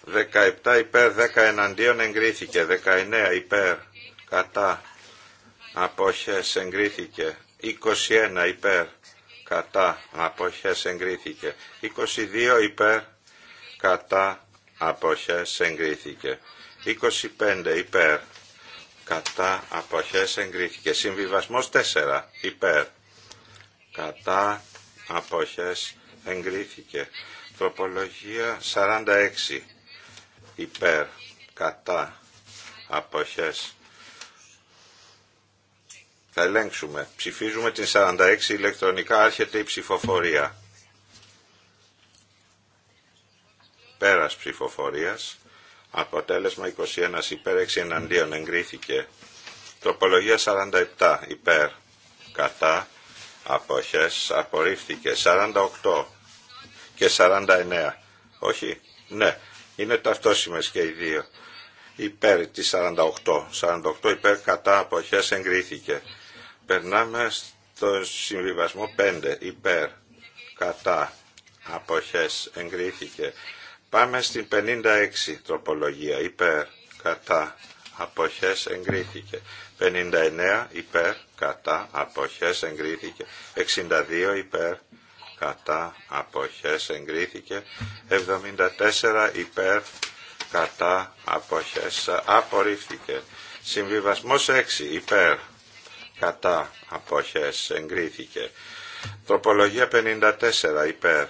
17 υπέρ, 10 εναντίον εγκρίθηκε. 19 υπέρ, κατά. Αποχές εγκρίθηκε. 21 υπέρ, κατά. Αποχές εγκρίθηκε. 22 υπέρ, κατά. Αποχές εγκρίθηκε. 25 υπέρ, κατά αποχές εγκρίθηκε. Συμβιβασμός 4 υπέρ κατά αποχές εγκρίθηκε. Τροπολογία 46 υπέρ κατά αποχές. Θα ελέγξουμε. Ψηφίζουμε την 46 ηλεκτρονικά. Άρχεται η ψηφοφορία. Πέρας ψηφοφορίας Αποτέλεσμα 21 υπέρ 6 εναντίον εγκρίθηκε. Τροπολογία 47 υπέρ κατά αποχές απορρίφθηκε. 48 και 49. Όχι, ναι, είναι ταυτόσιμες και οι δύο. Υπέρ τη 48. 48 υπέρ κατά αποχές εγκρίθηκε. Περνάμε στο συμβιβασμό 5 υπέρ κατά αποχές εγκρίθηκε. Πάμε στην 56 τροπολογία. Υπέρ, κατά, αποχές εγκρίθηκε. 59 υπέρ, κατά, αποχές εγκρίθηκε. 62 υπέρ, κατά, αποχές εγκρίθηκε. 74 υπέρ, κατά, αποχές απορρίφθηκε. Συμβιβασμός 6 υπέρ, κατά, αποχές εγκρίθηκε. Τροπολογία 54 υπέρ,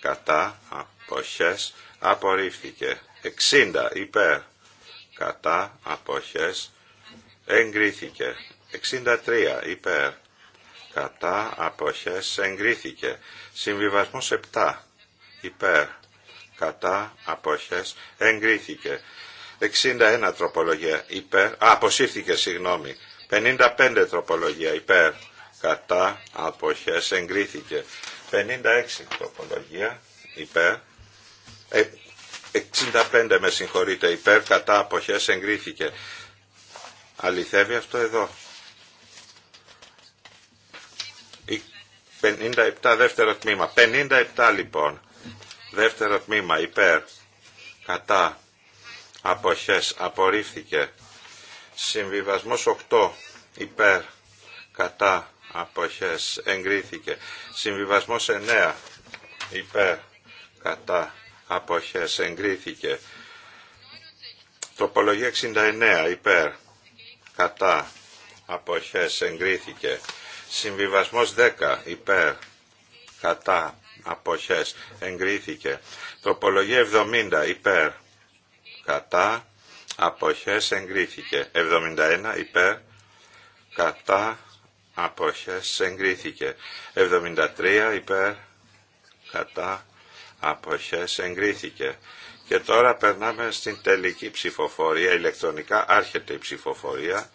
κατά, αποχές απορρίφθηκε. 60 υπέρ κατά αποχές εγκρίθηκε. 63 υπέρ κατά αποχές εγκρίθηκε. Συμβιβασμός 7 υπέρ κατά αποχές εγκρίθηκε. 61 τροπολογία υπέρ, α, αποσύρθηκε συγγνώμη, 55 τροπολογία υπέρ, κατά, αποχές, εγκρίθηκε. 56 τροπολογία υπέρ, 65 ε, με συγχωρείτε, υπέρ κατά αποχές εγκρίθηκε. Αληθεύει αυτό εδώ. 57 δεύτερο τμήμα. 57 λοιπόν. Δεύτερο τμήμα υπέρ κατά αποχές απορρίφθηκε. Συμβιβασμός 8 υπέρ κατά αποχές εγκρίθηκε. Συμβιβασμός 9 υπέρ κατά αποχές εγκρίθηκε. Τοπολογία 69 υπέρ κατά αποχές εγκρίθηκε. Συμβιβασμός 10 υπέρ κατά αποχές εγκρίθηκε. Τοπολογία 70 υπέρ κατά αποχές εγκρίθηκε. 71 υπέρ κατά αποχές εγκρίθηκε. 73 υπέρ κατά αποχές εγκρίθηκε. Και τώρα περνάμε στην τελική ψηφοφορία, ηλεκτρονικά άρχεται η ψηφοφορία.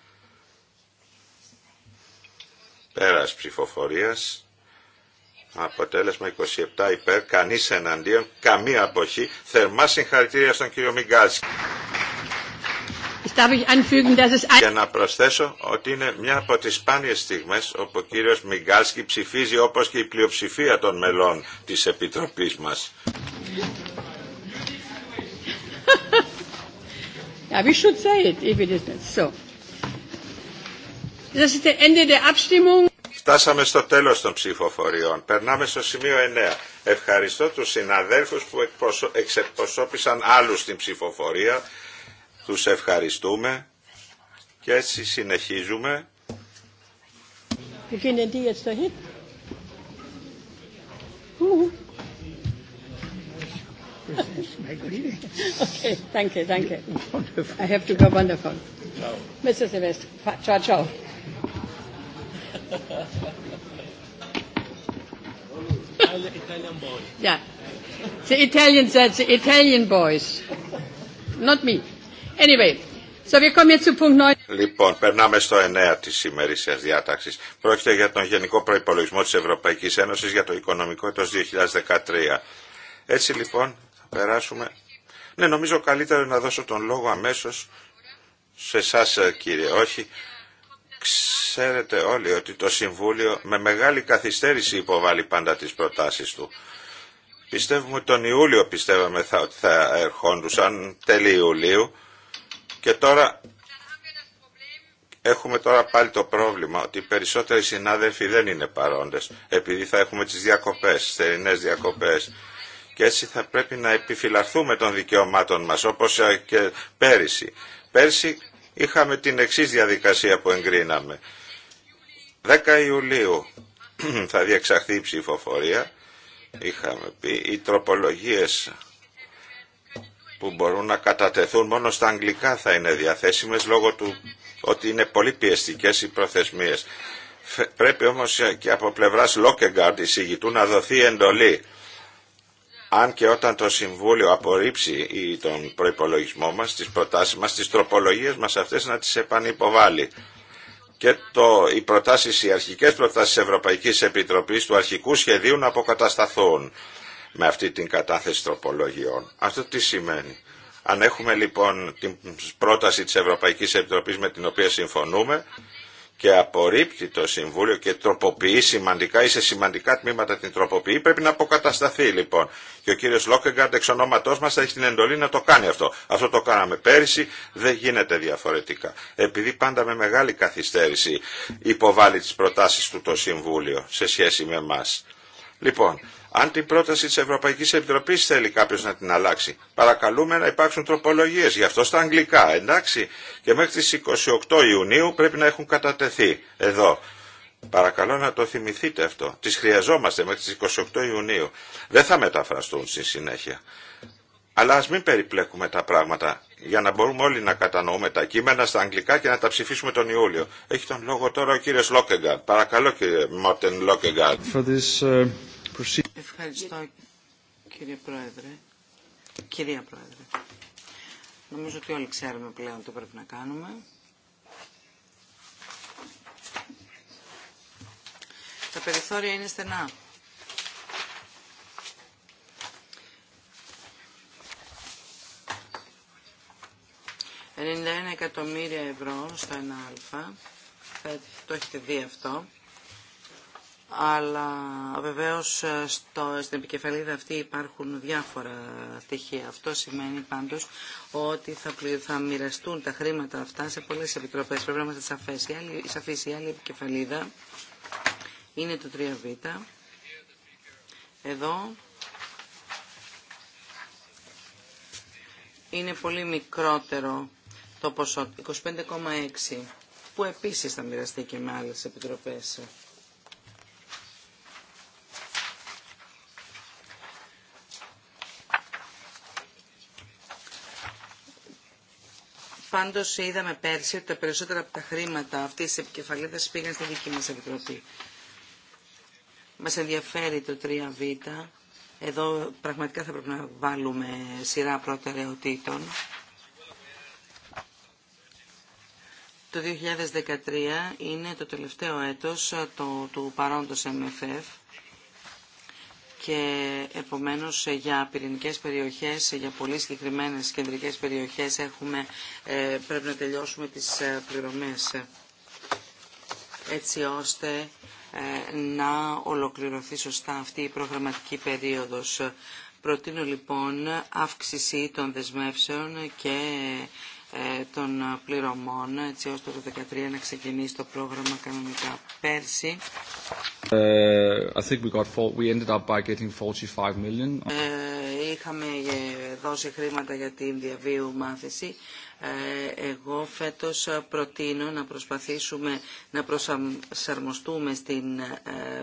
Πέρας ψηφοφορίας, αποτέλεσμα 27 υπέρ, κανείς εναντίον, καμία αποχή. Θερμά συγχαρητήρια στον κύριο Μιγκάζη. Για να προσθέσω ότι είναι μια από τις σπάνιες στιγμές όπου ο κύριος Μιγκάλσκι ψηφίζει όπως και η πλειοψηφία των μελών της Επιτροπής μας. Ja, wie schon Φτάσαμε στο τέλος των ψηφοφοριών. Περνάμε στο σημείο 9. Ευχαριστώ τους συναδέλφους που εξεπροσώπησαν άλλους στην ψηφοφορία. Τους ευχαριστούμε και έτσι συνεχίζουμε. I have to go ciao, ciao. Italian boys. Yeah. The Italians said the Italian boys. Not me. Anyway, so Λοιπόν, περνάμε στο 9 τη ημερήσιας διάταξη. Πρόκειται για τον Γενικό Προπολογισμό τη Ευρωπαϊκή Ένωση για το Οικονομικό έτος 2013. Έτσι λοιπόν, θα περάσουμε. Ναι, νομίζω καλύτερο να δώσω τον λόγο αμέσω σε εσά, κύριε. Όχι. Ξέρετε όλοι ότι το Συμβούλιο με μεγάλη καθυστέρηση υποβάλλει πάντα τις προτάσεις του. Πιστεύουμε ότι τον Ιούλιο πιστεύαμε θα, ότι θα ερχόντουσαν, τέλη Ιουλίου και τώρα έχουμε τώρα πάλι το πρόβλημα ότι οι περισσότεροι συνάδελφοι δεν είναι παρόντες επειδή θα έχουμε τις διακοπές, θερινές διακοπές και έτσι θα πρέπει να επιφυλαχθούμε των δικαιωμάτων μας όπως ε, και πέρυσι. Πέρσι είχαμε την εξή διαδικασία που εγκρίναμε. 10 Ιουλίου θα διεξαχθεί η ψηφοφορία, είχαμε πει, οι τροπολογίες που μπορούν να κατατεθούν μόνο στα αγγλικά θα είναι διαθέσιμες λόγω του ότι είναι πολύ πιεστικές οι προθεσμίες. Πρέπει όμως και από πλευράς Λόκεγκαρντ εισηγητού να δοθεί εντολή. Αν και όταν το Συμβούλιο απορρίψει ή τον προϋπολογισμό μας, τις προτάσεις μας, τις τροπολογίες μας αυτές να τις επανυποβάλει. Και οι, προτάσεις, οι αρχικές προτάσεις Ευρωπαϊκής Επιτροπής του αρχικού σχεδίου να αποκατασταθούν με αυτή την κατάθεση τροπολογιών. Αυτό τι σημαίνει. Αν έχουμε λοιπόν την πρόταση της Ευρωπαϊκής Επιτροπής με την οποία συμφωνούμε και απορρίπτει το Συμβούλιο και τροποποιεί σημαντικά ή σε σημαντικά τμήματα την τροποποιεί, πρέπει να αποκατασταθεί λοιπόν. Και ο κύριος Λόκεγκαρντ εξ ονόματός μας θα έχει την εντολή να το κάνει αυτό. Αυτό το κάναμε πέρυσι, δεν γίνεται διαφορετικά. Επειδή πάντα με μεγάλη καθυστέρηση υποβάλλει τις προτάσεις του το Συμβούλιο σε σχέση με εμά. Λοιπόν, αν την πρόταση της Ευρωπαϊκής Επιτροπής θέλει κάποιος να την αλλάξει, παρακαλούμε να υπάρξουν τροπολογίες, γι' αυτό στα αγγλικά, εντάξει, και μέχρι τις 28 Ιουνίου πρέπει να έχουν κατατεθεί εδώ. Παρακαλώ να το θυμηθείτε αυτό. Τις χρειαζόμαστε μέχρι τις 28 Ιουνίου. Δεν θα μεταφραστούν στη συνέχεια. Αλλά ας μην περιπλέκουμε τα πράγματα για να μπορούμε όλοι να κατανοούμε τα κείμενα στα αγγλικά και να τα ψηφίσουμε τον Ιούλιο. Έχει τον λόγο τώρα ο κύριο Λόκεγκαρτ. Παρακαλώ κύριε Μόρτεν Ευχαριστώ κύριε Πρόεδρε. Κυρία Πρόεδρε. Νομίζω ότι όλοι ξέρουμε πλέον τι πρέπει να κάνουμε. Τα περιθώρια είναι στενά. «91 εκατομμύρια ευρώ στο 1α, το έχετε δει αυτό, αλλά βεβαίως ε, στο, στην επικεφαλίδα αυτή υπάρχουν διάφορα στοιχεία. Αυτό σημαίνει πάντως ότι θα, μοιραστούν τα χρήματα αυτά σε πολλές επιτροπές. Πρέπει να είμαστε σαφές. Η άλλη, επικεφαλίδα είναι το 3β. Εδώ είναι πολύ μικρότερο το ποσό, 25,6, που επίσης θα μοιραστεί και με άλλες επιτροπές. Πάντω είδαμε πέρσι ότι τα περισσότερα από τα χρήματα αυτή τη επικεφαλίδα πήγαν στη δική μα επιτροπή. Μα ενδιαφέρει το 3Β. Εδώ πραγματικά θα πρέπει να βάλουμε σειρά προτεραιοτήτων. Το 2013 είναι το τελευταίο έτος του παρόντος MFF και επομένως ε, για πυρηνικές περιοχές, ε, για πολύ συγκεκριμένε κεντρικές περιοχές έχουμε, ε, πρέπει να τελειώσουμε τις πληρωμές έτσι ώστε να ολοκληρωθεί σωστά αυτή η προγραμματική περίοδος. Προτείνω λοιπόν αύξηση των δεσμεύσεων και ε, των πληρωμών έτσι ώστε το 2013 να ξεκινήσει το πρόγραμμα κανονικά πέρσι. είχαμε δώσει χρήματα για την διαβίου μάθηση. Ε, εγώ φέτος ε, προτείνω να προσπαθήσουμε να προσαρμοστούμε στην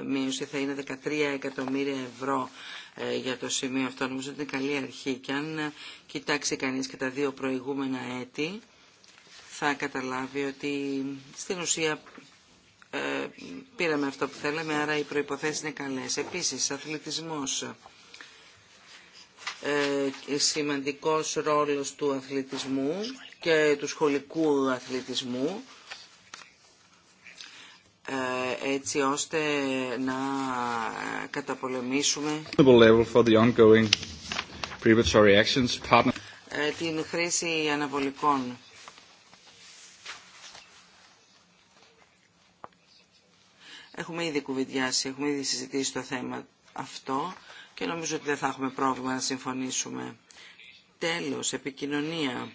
μείωση. Θα είναι 13 εκατομμύρια ευρώ ε, για το σημείο αυτό. Νομίζω ότι είναι καλή αρχή. Και αν ε, κοιτάξει κανείς και τα δύο προηγούμενα έτη, θα καταλάβει ότι στην ουσία ε, πήραμε αυτό που θέλαμε, άρα οι προϋποθέσεις είναι καλές. Επίσης, αθλητισμός. Ε, σημαντικός ρόλος του αθλητισμού και του σχολικού αθλητισμού ε, έτσι ώστε να καταπολεμήσουμε ε, την χρήση αναβολικών. Έχουμε ήδη κουβεντιάσει, έχουμε ήδη συζητήσει το θέμα αυτό και νομίζω ότι δεν θα έχουμε πρόβλημα να συμφωνήσουμε. Τέλος, επικοινωνία.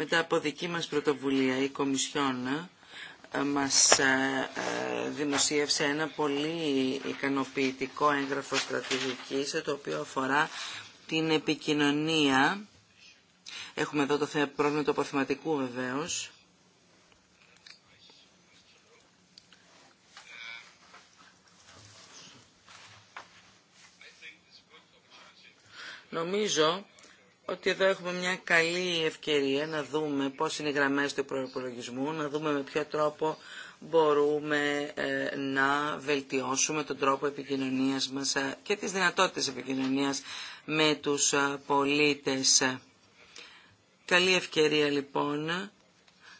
Μετά από δική μας πρωτοβουλία η Κομισιόν ε, μας ε, ε, δημοσίευσε ένα πολύ ικανοποιητικό έγγραφο στρατηγικής το οποίο αφορά την επικοινωνία. Έχουμε εδώ το πρόβλημα του αποθηματικού βεβαίως. Νομίζω ότι εδώ έχουμε μια καλή ευκαιρία να δούμε πώς είναι οι γραμμές του προπολογισμού, να δούμε με ποιο τρόπο μπορούμε ε, να βελτιώσουμε τον τρόπο επικοινωνίας μας ε, και τις δυνατότητες επικοινωνίας με τους ε, πολίτες. Καλή ευκαιρία λοιπόν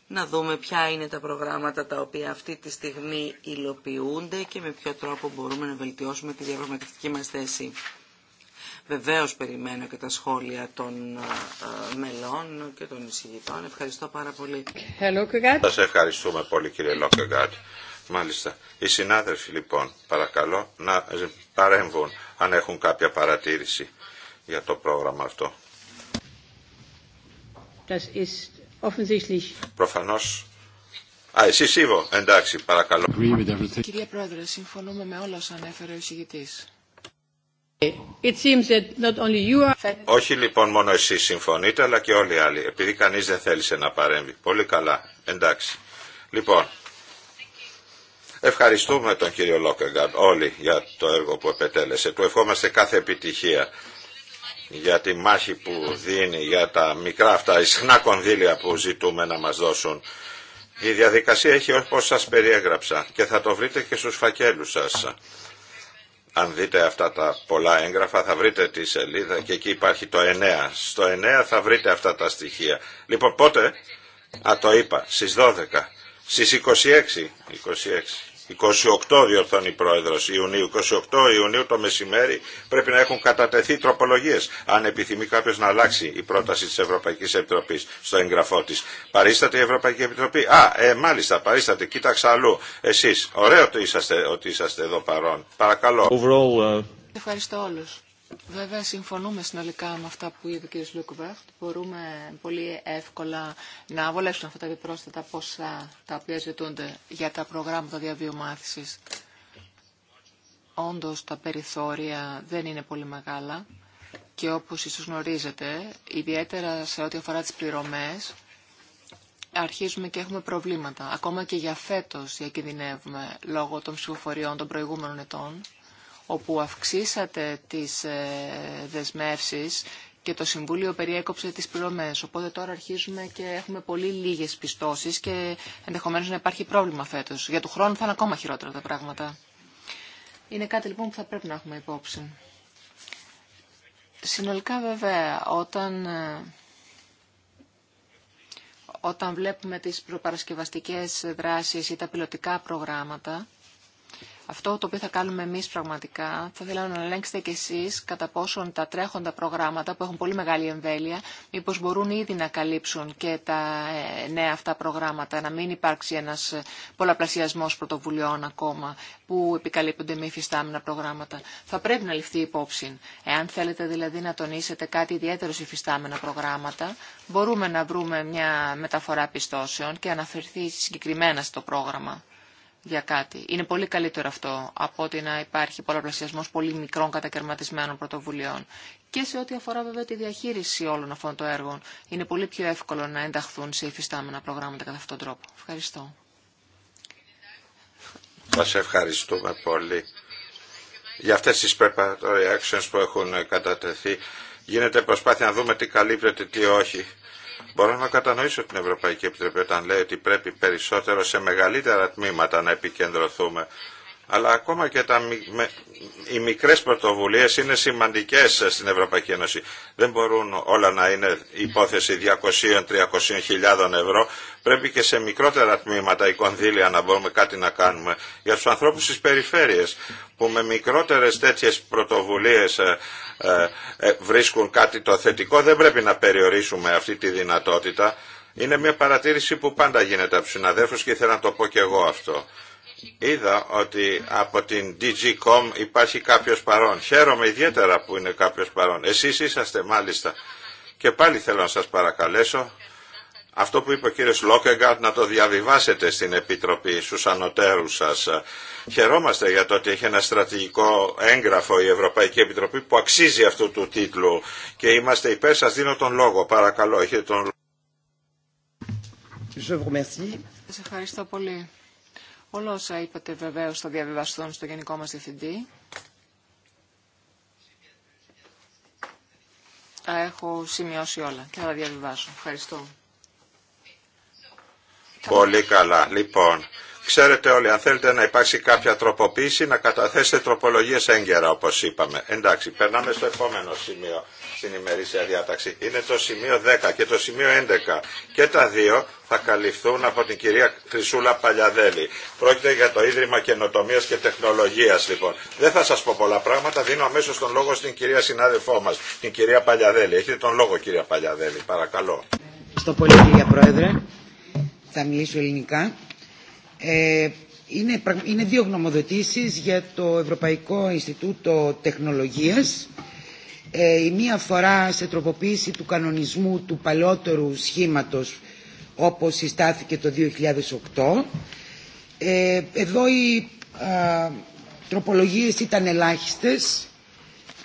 να δούμε ποια είναι τα προγράμματα τα οποία αυτή τη στιγμή υλοποιούνται και με ποιο τρόπο μπορούμε να βελτιώσουμε τη διαπραγματευτική μας θέση. Βεβαίως περιμένω και τα σχόλια των ε, μελών και των εισηγητών. Ευχαριστώ πάρα πολύ. Σας ευχαριστούμε πολύ κύριε Λόκεγκάτ. Μάλιστα. Οι συνάδελφοι λοιπόν παρακαλώ να ε, παρέμβουν αν έχουν κάποια παρατήρηση για το πρόγραμμα αυτό. Das ist offensichtlich. Προφανώς. Α, εσύ Σίβο. Εντάξει, παρακαλώ. Κυρία Πρόεδρε, συμφωνούμε με όλα όσα ανέφερε ο εισηγητής. Όχι λοιπόν μόνο εσείς συμφωνείτε αλλά και όλοι οι άλλοι επειδή κανείς δεν θέλησε να παρέμβει. Πολύ καλά. Εντάξει. Λοιπόν, ευχαριστούμε τον κύριο Λόκεγκαρντ όλοι για το έργο που επετέλεσε. Του ευχόμαστε κάθε επιτυχία για τη μάχη που δίνει, για τα μικρά αυτά ισχνά κονδύλια που ζητούμε να μας δώσουν. Η διαδικασία έχει όπως σας περιέγραψα και θα το βρείτε και στους φακέλους σας. Αν δείτε αυτά τα πολλά έγγραφα θα βρείτε τη σελίδα και εκεί υπάρχει το 9. Στο 9 θα βρείτε αυτά τα στοιχεία. Λοιπόν πότε, α το είπα, στις 12, στις 26, 26 28 διορθώνει η πρόεδρος Ιουνίου, 28 Ιουνίου το μεσημέρι πρέπει να έχουν κατατεθεί τροπολογίες αν επιθυμεί κάποιος να αλλάξει η πρόταση της Ευρωπαϊκής Επιτροπής στο εγγραφό της. Παρίσταται η Ευρωπαϊκή Επιτροπή. Α, ε, μάλιστα, παρίσταται. Κοίταξα αλλού. Εσείς. Ωραίο ότι είσαστε, ότι είσαστε εδώ παρόν. Παρακαλώ. Overall, ε, Ευχαριστώ όλους. Βέβαια, συμφωνούμε συνολικά με αυτά που είπε ο κ. Λουκουβέχτ. Μπορούμε πολύ εύκολα να βολέψουμε αυτά τα επιπρόσθετα ποσά τα οποία ζητούνται για τα προγράμματα διαβιομάθηση. Όντω τα περιθώρια δεν είναι πολύ μεγάλα και όπω ίσως γνωρίζετε, ιδιαίτερα σε ό,τι αφορά τι πληρωμέ, αρχίζουμε και έχουμε προβλήματα. Ακόμα και για φέτο διακινδυνεύουμε λόγω των ψηφοφοριών των προηγούμενων ετών όπου αυξήσατε τις ε, δεσμεύσεις και το Συμβούλιο περιέκοψε τις πληρωμές. Οπότε τώρα αρχίζουμε και έχουμε πολύ λίγες πιστώσεις και ενδεχομένως να υπάρχει πρόβλημα φέτος. Για του χρόνου θα είναι ακόμα χειρότερα τα πράγματα. Είναι κάτι λοιπόν που θα πρέπει να έχουμε υπόψη. Συνολικά βέβαια όταν ε, όταν βλέπουμε τις προπαρασκευαστικές δράσεις ή τα πιλωτικά προγράμματα, αυτό το οποίο θα κάνουμε εμείς πραγματικά, θα θέλαμε να ελέγξετε κι εσείς κατά πόσον τα τρέχοντα προγράμματα που έχουν πολύ μεγάλη εμβέλεια, μήπως μπορούν ήδη να καλύψουν και τα ε, νέα αυτά προγράμματα, να μην υπάρξει ένας πολλαπλασιασμός πρωτοβουλειών ακόμα που επικαλύπτονται με υφιστάμενα προγράμματα. Θα πρέπει να ληφθεί υπόψη. Εάν θέλετε δηλαδή να τονίσετε κάτι ιδιαίτερο σε φυστάμενα προγράμματα, μπορούμε να βρούμε μια μεταφορά πιστώσεων και αναφερθεί συγκεκριμένα στο πρόγραμμα για κάτι. Είναι πολύ καλύτερο αυτό από ότι να υπάρχει πολλαπλασιασμό πολύ μικρών κατακαιρματισμένων πρωτοβουλειών. Και σε ό,τι αφορά βέβαια τη διαχείριση όλων αυτών των έργων, είναι πολύ πιο εύκολο να ενταχθούν σε υφιστάμενα προγράμματα κατά αυτόν τον τρόπο. Ευχαριστώ. Σας ευχαριστούμε πολύ για αυτέ τι preparatory actions που έχουν κατατεθεί. Γίνεται προσπάθεια να δούμε τι καλύπτεται, τι όχι. Μπορώ να κατανοήσω την Ευρωπαϊκή Επιτροπή όταν λέει ότι πρέπει περισσότερο σε μεγαλύτερα τμήματα να επικεντρωθούμε αλλά ακόμα και τα, οι μικρές πρωτοβουλίες είναι σημαντικές στην Ευρωπαϊκή Ένωση. Δεν μπορούν όλα να είναι υπόθεση 200-300 χιλιάδων ευρώ. Πρέπει και σε μικρότερα τμήματα η κονδύλια να μπορούμε κάτι να κάνουμε. Για τους ανθρώπους στις περιφέρειες που με μικρότερες τέτοιες πρωτοβουλίες ε, ε, βρίσκουν κάτι το θετικό δεν πρέπει να περιορίσουμε αυτή τη δυνατότητα. Είναι μια παρατήρηση που πάντα γίνεται από του συναδέλφους και ήθελα να το πω και εγώ αυτό. Είδα ότι από την DG.com υπάρχει κάποιος παρόν. Χαίρομαι ιδιαίτερα που είναι κάποιος παρόν. Εσείς είσαστε μάλιστα. Και πάλι θέλω να σας παρακαλέσω αυτό που είπε ο κύριος Λόκεγκαρτ να το διαβιβάσετε στην Επιτροπή, στους ανωτέρους σας. Χαιρόμαστε για το ότι έχει ένα στρατηγικό έγγραφο η Ευρωπαϊκή Επιτροπή που αξίζει αυτού του τίτλου και είμαστε υπέρ σας. Δίνω τον λόγο. Παρακαλώ, έχετε τον λόγο. Σας ευχαριστώ πολύ. Όλα όσα είπατε βεβαίως θα διαβιβαστούν στο Γενικό μας Διευθυντή. έχω σημειώσει όλα και θα τα διαβιβάσω. Ευχαριστώ. Πολύ καλά. Λοιπόν, ξέρετε όλοι, αν θέλετε να υπάρξει κάποια τροποποίηση, να καταθέσετε τροπολογίες έγκαιρα, όπως είπαμε. Εντάξει, περνάμε στο επόμενο σημείο στην ημερήσια διάταξη. Είναι το σημείο 10 και το σημείο 11. Και τα δύο θα καλυφθούν από την κυρία Χρυσούλα Παλιαδέλη. Πρόκειται για το Ίδρυμα Καινοτομία και Τεχνολογία, λοιπόν. Δεν θα σα πω πολλά πράγματα. Δίνω αμέσω τον λόγο στην κυρία συνάδελφό μα, την κυρία Παλιαδέλη. Έχετε τον λόγο, κυρία Παλιαδέλη, παρακαλώ. Ευχαριστώ πολύ, κυρία Πρόεδρε. Θα μιλήσω ελληνικά. Ε, είναι, δύο γνωμοδοτήσεις για το Ευρωπαϊκό Ινστιτούτο Τεχνολογίας ε, η μία αφορά σε τροποποίηση του κανονισμού του παλαιότερου σχήματος όπως συστάθηκε το 2008. Ε, εδώ οι τροπολογίες ήταν ελάχιστες,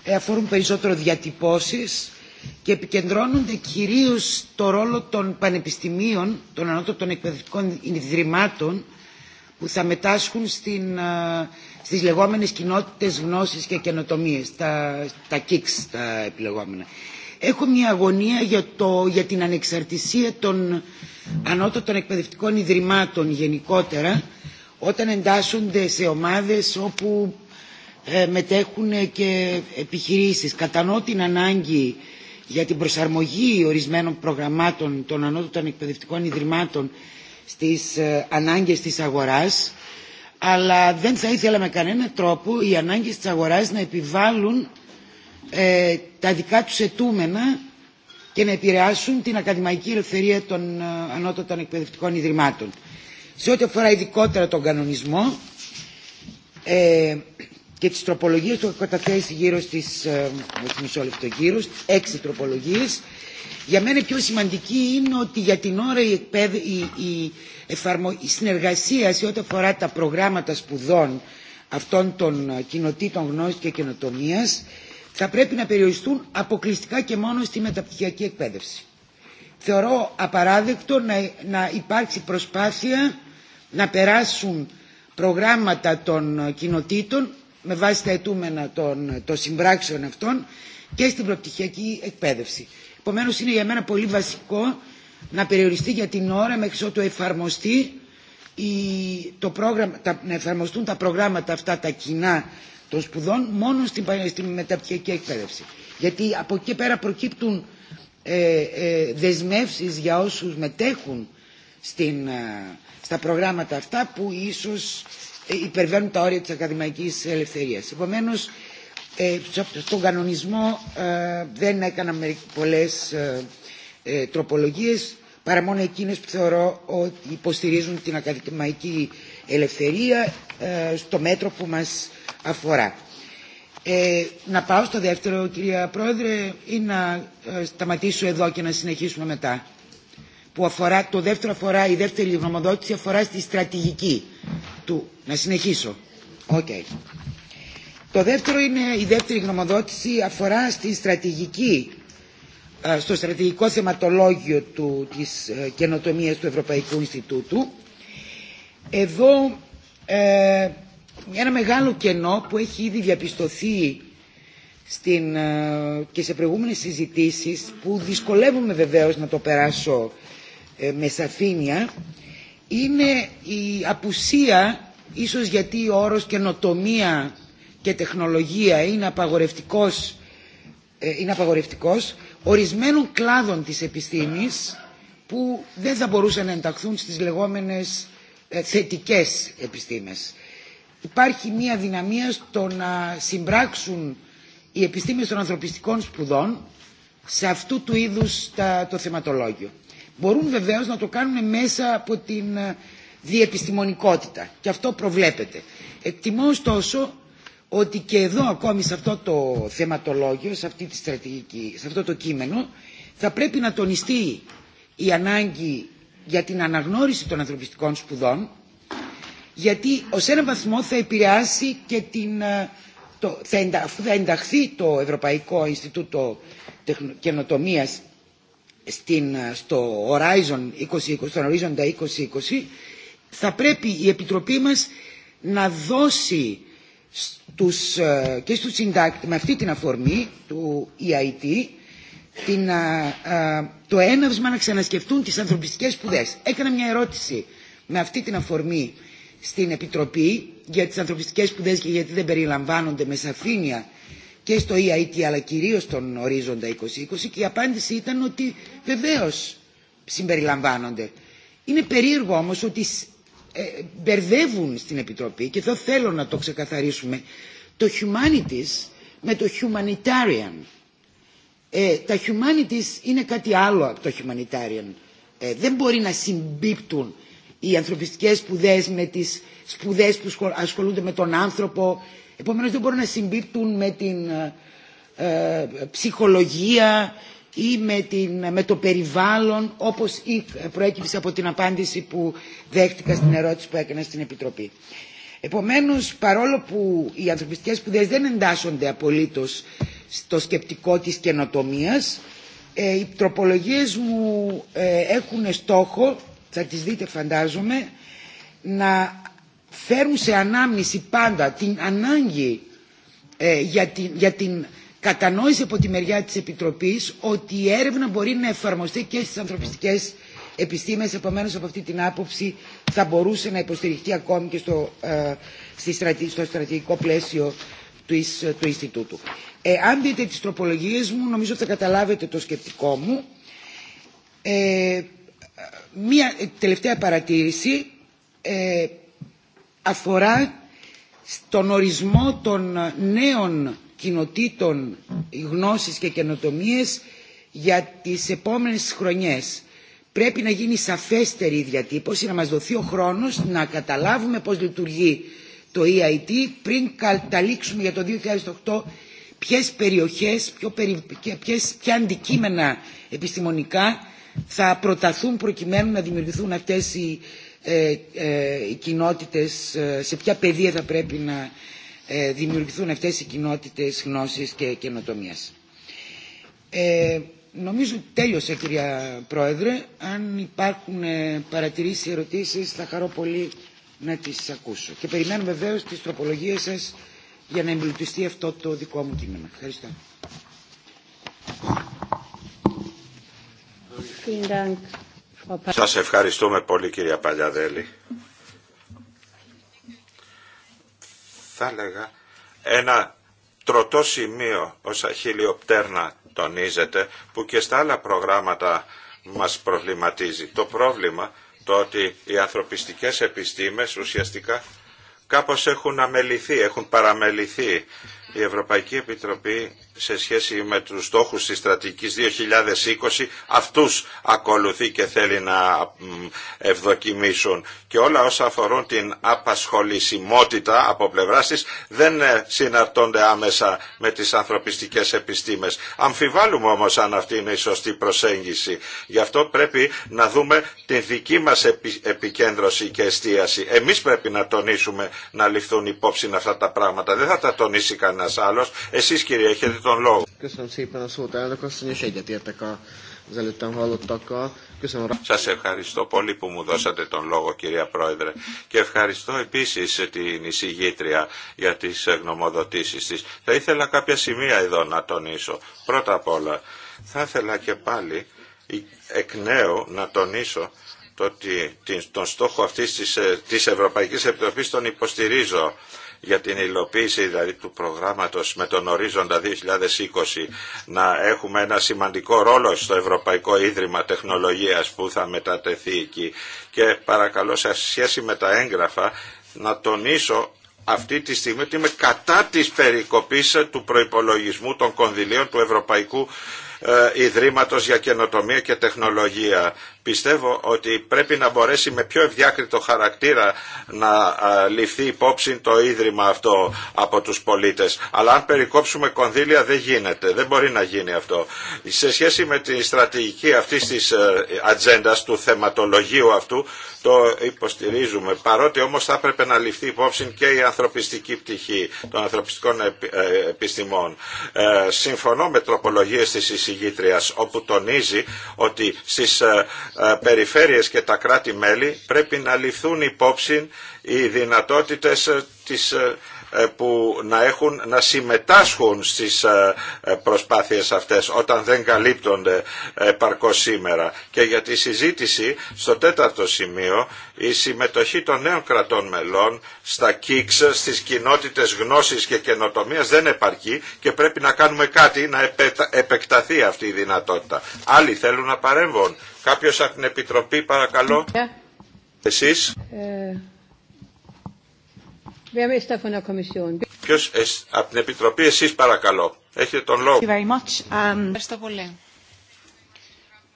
ε, αφορούν περισσότερο διατυπώσεις και επικεντρώνονται κυρίως το ρόλο των πανεπιστημίων, των ανώτατων εκπαιδευτικών ιδρυμάτων που θα μετάσχουν στην στις λεγόμενες κοινότητες γνώσης και καινοτομίες, τα, τα kicks τα επιλεγόμενα. Έχω μια αγωνία για, το, για την ανεξαρτησία των ανώτατων εκπαιδευτικών ιδρυμάτων γενικότερα όταν εντάσσονται σε ομάδες όπου ε, μετέχουν και επιχειρήσεις. Κατανοώ την ανάγκη για την προσαρμογή ορισμένων προγραμμάτων των ανώτατων εκπαιδευτικών ιδρυμάτων στις ε, ανάγκες της αγοράς αλλά δεν θα ήθελα με κανένα τρόπο οι ανάγκες της αγοράς να επιβάλλουν ε, τα δικά τους ετούμενα και να επηρεάσουν την ακαδημαϊκή ελευθερία των ε, ανώτατων εκπαιδευτικών ιδρυμάτων. Σε ό,τι αφορά ειδικότερα τον κανονισμό ε, και τις τροπολογίες που έχω καταθέσει γύρω στις ε, έξι τροπολογίες για μένα πιο σημαντική είναι ότι για την ώρα η, εκπαίδευση, συνεργασία σε ό,τι αφορά τα προγράμματα σπουδών αυτών των ε, κοινοτήτων γνώσης και καινοτομία θα πρέπει να περιοριστούν αποκλειστικά και μόνο στη μεταπτυχιακή εκπαίδευση. Θεωρώ απαράδεκτο να, να υπάρξει προσπάθεια να περάσουν προγράμματα των ε, κοινοτήτων με βάση τα αιτούμενα των, ε, των συμπράξεων αυτών και στην προπτυχιακή εκπαίδευση. Επομένω είναι για μένα πολύ βασικό να περιοριστεί για την ώρα μέχρι ότου εφαρμοστεί η, το πρόγραμμα, τα, να εφαρμοστούν τα προγράμματα αυτά τα κοινά των σπουδών μόνο στην, στην μεταπτυχιακή εκπαίδευση. Γιατί από εκεί πέρα προκύπτουν ε, ε δεσμεύσεις για όσους μετέχουν στην, ε, στα προγράμματα αυτά που ίσως ε, υπερβαίνουν τα όρια της ακαδημαϊκής ελευθερίας. Επομένως, στον κανονισμό δεν έκανα πολλές ε, τροπολογίες παρά μόνο εκείνες που θεωρώ ότι υποστηρίζουν την ακαδημαϊκή ελευθερία ε, στο μέτρο που μας αφορά. Ε, να πάω στο δεύτερο, κυρία Πρόεδρε, ή να ε, σταματήσω εδώ και να συνεχίσουμε μετά. Που αφορά, το δεύτερο αφορά, η δεύτερη γνωμοδότηση αφορά στη στρατηγική του. Να συνεχίσω. Okay. Το δεύτερο είναι, η δεύτερη γνωμοδότηση αφορά στη στρατηγική ε, στο στρατηγικό θεματολόγιο του, της ε, καινοτομίας του Ευρωπαϊκού Ινστιτούτου. Εδώ ε, ένα μεγάλο κενό που έχει ήδη διαπιστωθεί στην, και σε προηγούμενες συζητήσεις που δυσκολεύομαι βεβαίως να το περάσω με σαφήνεια είναι η απουσία, ίσως γιατί ο όρος καινοτομία και τεχνολογία είναι απαγορευτικός, είναι απαγορευτικός ορισμένων κλάδων της επιστήμης που δεν θα μπορούσαν να ενταχθούν στις λεγόμενες ε, θετικές επιστήμες. Υπάρχει μία δυναμία στο να συμπράξουν οι επιστήμες των ανθρωπιστικών σπουδών σε αυτού του είδους το θεματολόγιο. Μπορούν βεβαίως να το κάνουν μέσα από την ε, διεπιστημονικότητα και αυτό προβλέπεται. Εκτιμώ ωστόσο ότι και εδώ ακόμη σε αυτό το θεματολόγιο, σε, αυτή τη στρατηγική, σε αυτό το κείμενο, θα πρέπει να τονιστεί η ανάγκη για την αναγνώριση των ανθρωπιστικών σπουδών, γιατί ως έναν βαθμό θα επηρεάσει και την, ε, το, θα, ενταχθεί το Ευρωπαϊκό Ινστιτούτο Καινοτομίας ε, στο Horizon 2020, στον ορίζοντα 2020, θα πρέπει η Επιτροπή μας να δώσει ε, και στους συντάκτη, με αυτή την αφορμή του EIT ε, ε, το έναυσμα να ξανασκεφτούν τις ανθρωπιστικές σπουδέ. Έκανα μια ερώτηση με αυτή την αφορμή στην Επιτροπή για τις ανθρωπιστικές σπουδέ και γιατί δεν περιλαμβάνονται με σαφήνεια και στο EIT αλλά κυρίως στον ορίζοντα 2020 και η απάντηση ήταν ότι βεβαίως συμπεριλαμβάνονται. Είναι περίεργο όμως ότι ε, μπερδεύουν στην Επιτροπή και εδώ θέλω να το ξεκαθαρίσουμε το humanities με το humanitarian. Ε, τα humanities είναι κάτι άλλο από το humanitarian. Ε, δεν μπορεί να συμπίπτουν οι ανθρωπιστικές σπουδές με τις σπουδές που ασχολούνται με τον άνθρωπο. Επομένως δεν μπορούν να συμπίπτουν με την ψυχολογία, ή με, την, με το περιβάλλον όπως προέκυψε από την απάντηση που δέχτηκα στην ερώτηση που έκανα στην Επιτροπή. Επομένως, παρόλο που οι ανθρωπιστικές σπουδέ δεν εντάσσονται απολύτως στο σκεπτικό της καινοτομίας, ε, οι τροπολογίες μου ε, έχουν στόχο, θα τις δείτε φαντάζομαι, να φέρουν σε ανάμνηση πάντα την ανάγκη ε, την, για την κατανόησε από τη μεριά της Επιτροπής ότι η έρευνα μπορεί να εφαρμοστεί και στις ανθρωπιστικές επιστήμες, επομένως από αυτή την άποψη θα μπορούσε να υποστηριχτεί ακόμη και στο, ε, στο στρατηγικό πλαίσιο του, του Ινστιτούτου. Ε, αν δείτε τις τροπολογίες μου, νομίζω θα καταλάβετε το σκεπτικό μου. Ε, μία ε, τελευταία παρατήρηση ε, αφορά στον ορισμό των νέων κοινοτήτων γνώσης και καινοτομίες για τις επόμενες χρονιές. Πρέπει να γίνει σαφέστερη η διατύπωση, να μας δοθεί ο χρόνος να καταλάβουμε πώς λειτουργεί το EIT πριν καταλήξουμε για το 2008 ποιες περιοχές, ποιο περι... ποια αντικείμενα επιστημονικά θα προταθούν προκειμένου να δημιουργηθούν αυτές οι, ε, ε, ε σε ποια πεδία θα πρέπει να ε, δημιουργηθούν αυτές οι κοινότητες γνώσης και καινοτομία. Ε, νομίζω ότι τέλειωσε κυρία Πρόεδρε. Αν υπάρχουν ε, παρατηρήσεις ή ερωτήσεις θα χαρώ πολύ να τις ακούσω. Και περιμένω βεβαίω τις τροπολογίες σας για να εμπλουτιστεί αυτό το δικό μου κείμενο. Ευχαριστώ. Σας ευχαριστούμε πολύ κυρία Παλιαδέλη. θα έλεγα ένα τροτό σημείο ως αχιλιοπτέρνα τονίζεται που και στα άλλα προγράμματα μας προβληματίζει. Το πρόβλημα το ότι οι ανθρωπιστικές επιστήμες ουσιαστικά κάπως έχουν αμεληθεί, έχουν παραμεληθεί. Η Ευρωπαϊκή Επιτροπή σε σχέση με τους στόχους της στρατηγικής 2020 αυτούς ακολουθεί και θέλει να ευδοκιμήσουν και όλα όσα αφορούν την απασχολησιμότητα από πλευράς της δεν ε, συναρτώνται άμεσα με τις ανθρωπιστικές επιστήμες. Αμφιβάλλουμε όμως αν αυτή είναι η σωστή προσέγγιση. Γι' αυτό πρέπει να δούμε την δική μας επικέντρωση και εστίαση. Εμείς πρέπει να τονίσουμε να ληφθούν υπόψη αυτά τα πράγματα. Δεν θα τα τονίσει κανένας άλλος. Εσείς κύριε έχετε τον Σας ευχαριστώ πολύ που μου δώσατε τον λόγο κυρία Πρόεδρε και ευχαριστώ επίσης την εισηγήτρια για τις γνωμοδοτήσει της. Θα ήθελα κάποια σημεία εδώ να τονίσω. Πρώτα απ' όλα θα ήθελα και πάλι εκ νέου να τονίσω ότι τον στόχο αυτής τη ε, της Ευρωπαϊκής τον υποστηρίζω για την υλοποίηση δηλαδή του προγράμματος με τον ορίζοντα 2020 να έχουμε ένα σημαντικό ρόλο στο Ευρωπαϊκό Ίδρυμα Τεχνολογίας που θα μετατεθεί εκεί και παρακαλώ σε σχέση με τα έγγραφα να τονίσω αυτή τη στιγμή ότι είμαι κατά της περικοπής του προϋπολογισμού των κονδυλίων του Ευρωπαϊκού ε, Ιδρύματος για Καινοτομία και Τεχνολογία Πιστεύω ότι πρέπει να μπορέσει με πιο ευδιάκριτο χαρακτήρα να ληφθεί υπόψη το ίδρυμα αυτό από τους πολίτες. Αλλά αν περικόψουμε κονδύλια δεν γίνεται, δεν μπορεί να γίνει αυτό. Σε σχέση με τη στρατηγική αυτή της ε, ατζέντα του θεματολογίου αυτού, το υποστηρίζουμε. Παρότι όμως θα έπρεπε να ληφθεί υπόψη και η ανθρωπιστική πτυχή των ανθρωπιστικών ε, επιστημών. Ε, συμφωνώ με τροπολογίες της εισηγήτριας όπου τονίζει ότι στις ε, περιφέρειες και τα κράτη-μέλη πρέπει να ληφθούν υπόψη οι δυνατότητες ε, της ε, ε, που να, έχουν, να συμμετάσχουν στις ε, ε, προσπάθειες αυτές όταν δεν καλύπτονται επαρκώ σήμερα. Και για τη συζήτηση στο τέταρτο σημείο η συμμετοχή των νέων κρατών μελών στα ΚΙΚΣ, στις κοινότητες γνώσης και καινοτομίας δεν επαρκεί και πρέπει να κάνουμε κάτι να επεκταθεί αυτή η δυνατότητα. Άλλοι θέλουν να παρέμβουν. Κάποιος από την Επιτροπή παρακαλώ. Εσείς. Ποιο από την Επιτροπή εσείς παρακαλώ. Έχετε τον λόγο. Um, ευχαριστώ πολύ.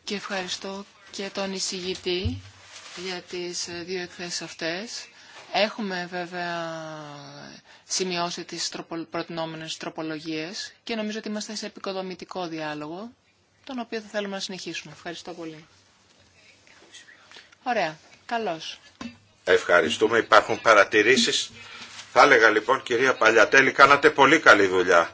Και ευχαριστώ και τον εισηγητή για τις ε, δύο εκθέσεις αυτές. Έχουμε βέβαια σημειώσει τις προτινόμενες τροπολογίες και νομίζω ότι είμαστε σε επικοδομητικό διάλογο, τον οποίο θα θέλουμε να συνεχίσουμε. Ευχαριστώ πολύ. Ωραία. Καλώς. Ευχαριστούμε. Υπάρχουν παρατηρήσεις. Θα έλεγα λοιπόν κυρία Παλιατέλη, κάνατε πολύ καλή δουλειά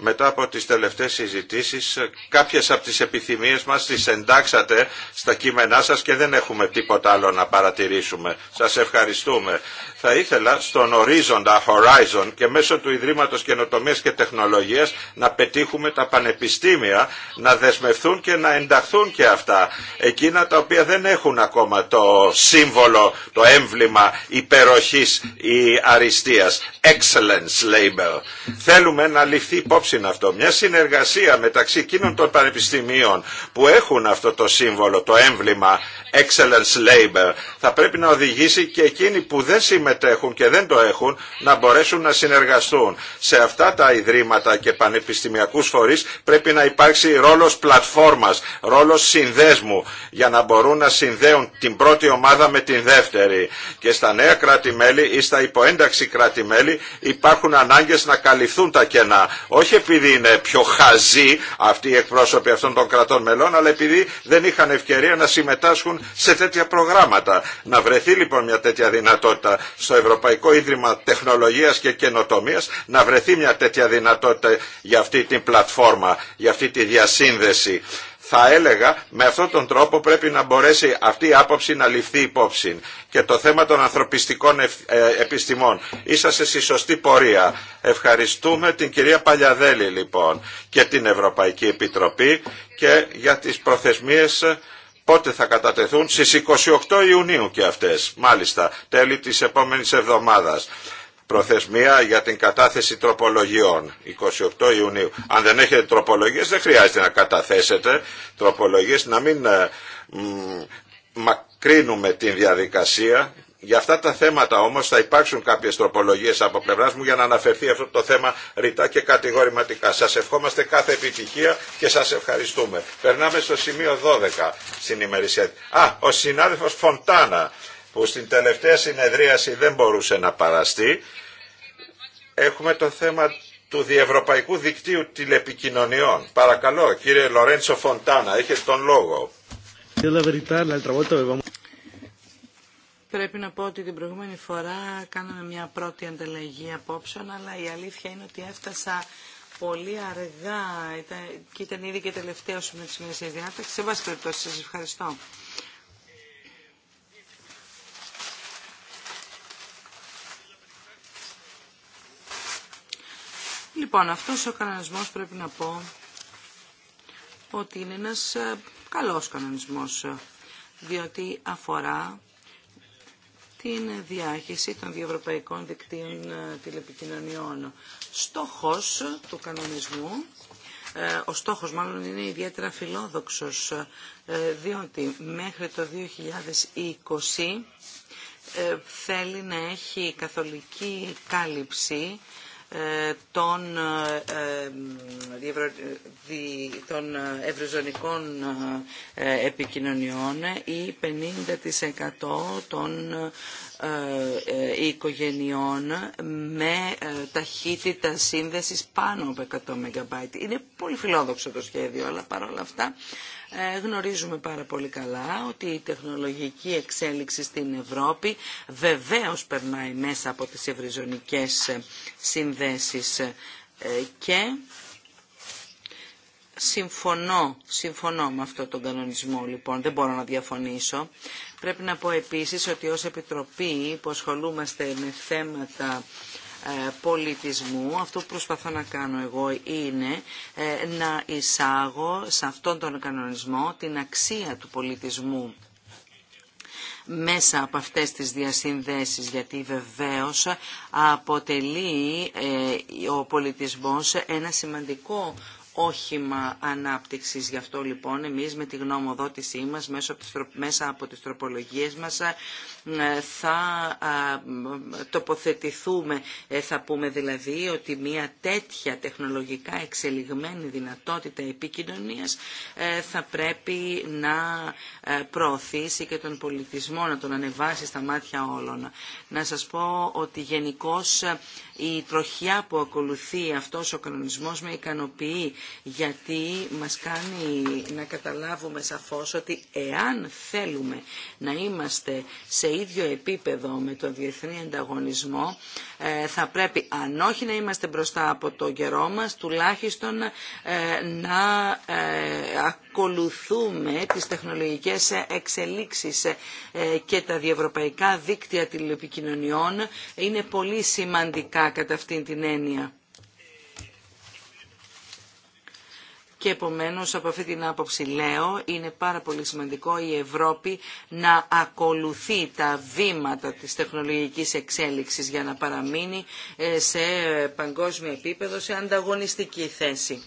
μετά από τις τελευταίες συζητήσεις κάποιες από τις επιθυμίες μας τις εντάξατε στα κείμενά σας και δεν έχουμε τίποτα άλλο να παρατηρήσουμε. Σας ευχαριστούμε. Θα ήθελα στον ορίζοντα Horizon και μέσω του Ιδρύματος Καινοτομίας και Τεχνολογίας να πετύχουμε τα πανεπιστήμια να δεσμευθούν και να ενταχθούν και αυτά. Εκείνα τα οποία δεν έχουν ακόμα το σύμβολο, το έμβλημα υπεροχής ή αριστείας. Excellence label. Θέλουμε να ληφθεί υπόψη είναι αυτό. Μια συνεργασία μεταξύ εκείνων των πανεπιστημίων που έχουν αυτό το σύμβολο, το έμβλημα Excellence Labor θα πρέπει να οδηγήσει και εκείνοι που δεν συμμετέχουν και δεν το έχουν να μπορέσουν να συνεργαστούν. Σε αυτά τα ιδρύματα και πανεπιστημιακούς φορείς πρέπει να υπάρξει ρόλος πλατφόρμας, ρόλος συνδέσμου για να μπορούν να συνδέουν την πρώτη ομάδα με την δεύτερη. Και στα νέα κράτη-μέλη ή στα υποένταξη κράτη-μέλη υπάρχουν ανάγκε να καλυφθούν τα κενά επειδή είναι πιο χαζοί αυτοί οι εκπρόσωποι αυτών των κρατών μελών, αλλά επειδή δεν είχαν ευκαιρία να συμμετάσχουν σε τέτοια προγράμματα. Να βρεθεί λοιπόν μια τέτοια δυνατότητα στο Ευρωπαϊκό Ίδρυμα Τεχνολογίας και Καινοτομίας, να βρεθεί μια τέτοια δυνατότητα για αυτή την πλατφόρμα, για αυτή τη διασύνδεση θα έλεγα με αυτόν τον τρόπο πρέπει να μπορέσει αυτή η άποψη να ληφθεί υπόψη και το θέμα των ανθρωπιστικών ε, επιστημών. Είσαστε στη σωστή πορεία. Ευχαριστούμε την κυρία Παλιαδέλη λοιπόν και την Ευρωπαϊκή Επιτροπή και για τις προθεσμίες ε, πότε θα κατατεθούν στις 28 Ιουνίου και αυτές, μάλιστα, τέλη της επόμενης εβδομάδας. Προθεσμία για την κατάθεση τροπολογιών 28 Ιουνίου. Αν δεν έχετε τροπολογίες δεν χρειάζεται να καταθέσετε τροπολογίες, να μην ε, μακρύνουμε την διαδικασία. Για αυτά τα θέματα όμως θα υπάρξουν κάποιες τροπολογίες από πλευράς μου για να αναφερθεί αυτό το θέμα ρητά και κατηγορηματικά. Σας ευχόμαστε κάθε επιτυχία και σας ευχαριστούμε. Περνάμε στο σημείο 12 Α, ο συνάδελφος Φοντάνα που στην τελευταία συνεδρίαση δεν μπορούσε να παραστεί. Έχουμε το θέμα του Διευρωπαϊκού Δικτύου Τηλεπικοινωνιών. Παρακαλώ, κύριε Λορέντσο Φοντάνα, έχετε τον λόγο. Πρέπει να πω ότι την προηγούμενη φορά κάναμε μια πρώτη ανταλλαγή απόψεων, αλλά η αλήθεια είναι ότι έφτασα πολύ αργά ήταν, και ήταν ήδη και τελευταίο με της ημερησίας διάταξης. Σε βάση περιπτώσει, σα ευχαριστώ. Λοιπόν, αυτός ο κανονισμός πρέπει να πω ότι είναι ένας ε, καλός κανονισμός, ε, διότι αφορά την διάχυση των διευρωπαϊκών δικτύων ε, τηλεπικοινωνιών. Στόχος του κανονισμού, ο στόχος μάλλον είναι ιδιαίτερα φιλόδοξος, διότι μέχρι το 2020 θέλει να έχει καθολική κάλυψη ε, των, ε, ε, των ευρωζωνικών επικοινωνιών ή 50% των ε, ε, οικογενειών με ε, ταχύτητα σύνδεσης πάνω από 100 MB. Είναι πολύ φιλόδοξο το σχέδιο, αλλά παρόλα αυτά γνωρίζουμε πάρα πολύ καλά ότι η τεχνολογική εξέλιξη στην Ευρώπη βεβαίως περνάει μέσα από τις ευρυζωνικές συνδέσεις και συμφωνώ, συμφωνώ με αυτό τον κανονισμό λοιπόν, δεν μπορώ να διαφωνήσω. Πρέπει να πω επίσης ότι ως Επιτροπή που ασχολούμαστε με θέματα ε, πολιτισμού, αυτό που προσπαθώ να κάνω εγώ είναι ε, να εισάγω σε αυτόν τον κανονισμό την αξία του πολιτισμού μέσα από αυτές τις διασύνδεσεις, γιατί βεβαίως αποτελεί ε, ο πολιτισμός ένα σημαντικό όχημα ανάπτυξης. Γι' αυτό λοιπόν εμείς με τη γνώμοδότησή μας μέσα από τις τροπολογίες μας ε, θα τοποθετηθούμε, ε, θα πούμε δηλαδή ότι μια τέτοια τεχνολογικά εξελιγμένη δυνατότητα επικοινωνίας ε, θα πρέπει να προωθήσει και τον πολιτισμό, να τον ανεβάσει στα μάτια όλων. Να σας πω ότι γενικώ η τροχιά που ακολουθεί αυτός ο κανονισμός με ικανοποιεί γιατί μας κάνει να καταλάβουμε σαφώς ότι εάν θέλουμε να είμαστε σε ίδιο επίπεδο με τον διεθνή ανταγωνισμό, ε, θα πρέπει αν όχι να είμαστε μπροστά από το καιρό μας, τουλάχιστον ε, να ε, ακολουθούμε τις τεχνολογικές εξελίξεις και τα διευρωπαϊκά δίκτυα τηλεπικοινωνιών είναι πολύ σημαντικά κατά αυτήν την έννοια. και επομένως από αυτή την άποψη λέω είναι πάρα πολύ σημαντικό η Ευρώπη να ακολουθεί τα βήματα της τεχνολογικής εξέλιξης για να παραμείνει ε, σε παγκόσμιο επίπεδο σε ανταγωνιστική θέση.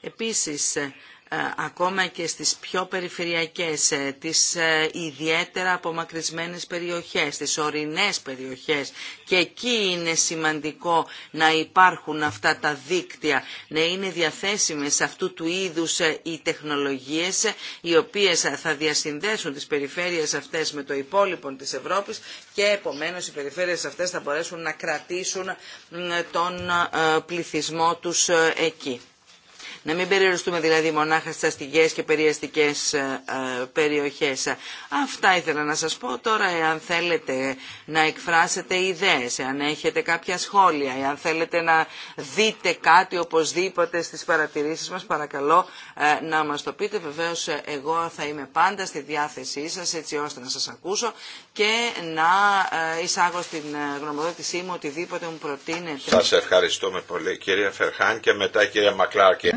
Επίσης, ε, ε, ακόμα και στις πιο περιφερειακές, ε, τις ε, ιδιαίτερα απομακρυσμένες περιοχές, τις ορεινές περιοχές. Και εκεί είναι σημαντικό να υπάρχουν αυτά τα δίκτυα, να είναι διαθέσιμες αυτού του είδους οι τεχνολογίες, οι οποίες θα διασυνδέσουν τις περιφέρειες αυτές με το υπόλοιπο της Ευρώπης και επομένως οι περιφέρειες αυτές θα μπορέσουν να κρατήσουν τον πληθυσμό τους εκεί. Να μην περιοριστούμε δηλαδή μονάχα στι αστικέ και περιεστικές ε, ε, περιοχέ. Αυτά ήθελα να σα πω τώρα εάν θέλετε να εκφράσετε ιδέε, εάν έχετε κάποια σχόλια, εάν θέλετε να δείτε κάτι οπωσδήποτε στι παρατηρήσει μα, παρακαλώ ε, να μα το πείτε. βεβαίω εγώ θα είμαι πάντα στη διάθεσή σα, έτσι ώστε να σα ακούσω και να εισάγω στην γνωμοδότησή μου οτιδήποτε μου προτείνετε. Σα ευχαριστούμε πολύ κυρία Φερχάν και μετά κυρία Μακλάρκη.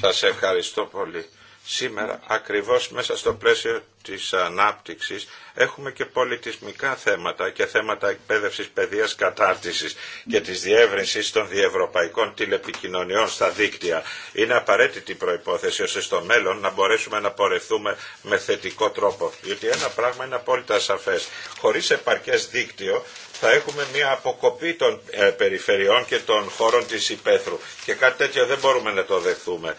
Σας ευχαριστώ πολύ σήμερα ακριβώς μέσα στο πλαίσιο της ανάπτυξης έχουμε και πολιτισμικά θέματα και θέματα εκπαίδευσης, παιδείας, κατάρτισης και της διεύρυνσης των διευρωπαϊκών τηλεπικοινωνιών στα δίκτυα. Είναι απαραίτητη προϋπόθεση ώστε στο μέλλον να μπορέσουμε να πορευθούμε με θετικό τρόπο. Γιατί ένα πράγμα είναι απόλυτα σαφές. Χωρίς επαρκές δίκτυο θα έχουμε μια αποκοπή των ε, περιφερειών και των χώρων της υπαίθρου. Και κάτι τέτοιο δεν μπορούμε να το δεχθούμε.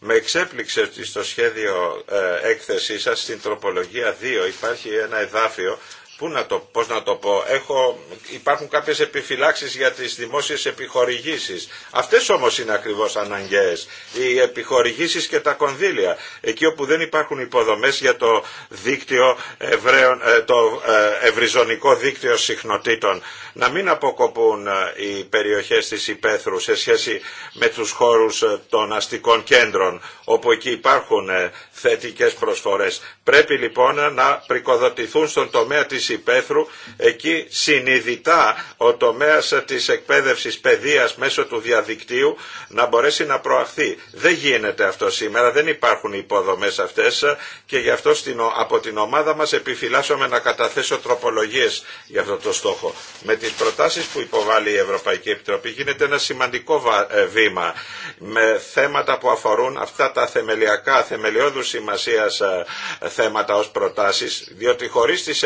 Με εξέπληξε ότι στο σχέδιο ε, έκθεσή σας στην τροπολογία 2 υπάρχει ένα εδάφιο πού να το, πώς να το πω, έχω, υπάρχουν κάποιες επιφυλάξεις για τις δημόσιες επιχορηγήσεις. Αυτές όμως είναι ακριβώς αναγκαίες, οι επιχορηγήσεις και τα κονδύλια. Εκεί όπου δεν υπάρχουν υποδομές για το δίκτυο ευραίων, ε, το ε, ευρυζωνικό δίκτυο συχνοτήτων, να μην αποκοπούν ε, οι περιοχές της υπαίθρου σε σχέση με τους χώρους των αστικών κέντρων, όπου εκεί υπάρχουν θετικές προσφορές. Πρέπει λοιπόν να πρικοδοτηθούν στον τομέα της υπαίθρου εκεί συνειδητά ο τομέας της εκπαίδευσης παιδείας μέσω του διαδικτύου να μπορέσει να προαχθεί. Δεν γίνεται αυτό σήμερα, δεν υπάρχουν υποδομές αυτές και γι' αυτό στην από την ομάδα μας επιφυλάσσομαι να καταθέσω τροπολογίες για αυτό το στόχο. Με τις προτάσεις που υποβάλλει η Ευρωπαϊκή Επιτροπή γίνεται ένα σημαντικό ε, βήμα με θέματα που αφορούν αυτά τα θεμελιακά, θεμελιώδου σημασίας ε, θέματα ως προτάσεις, διότι χωρίς τις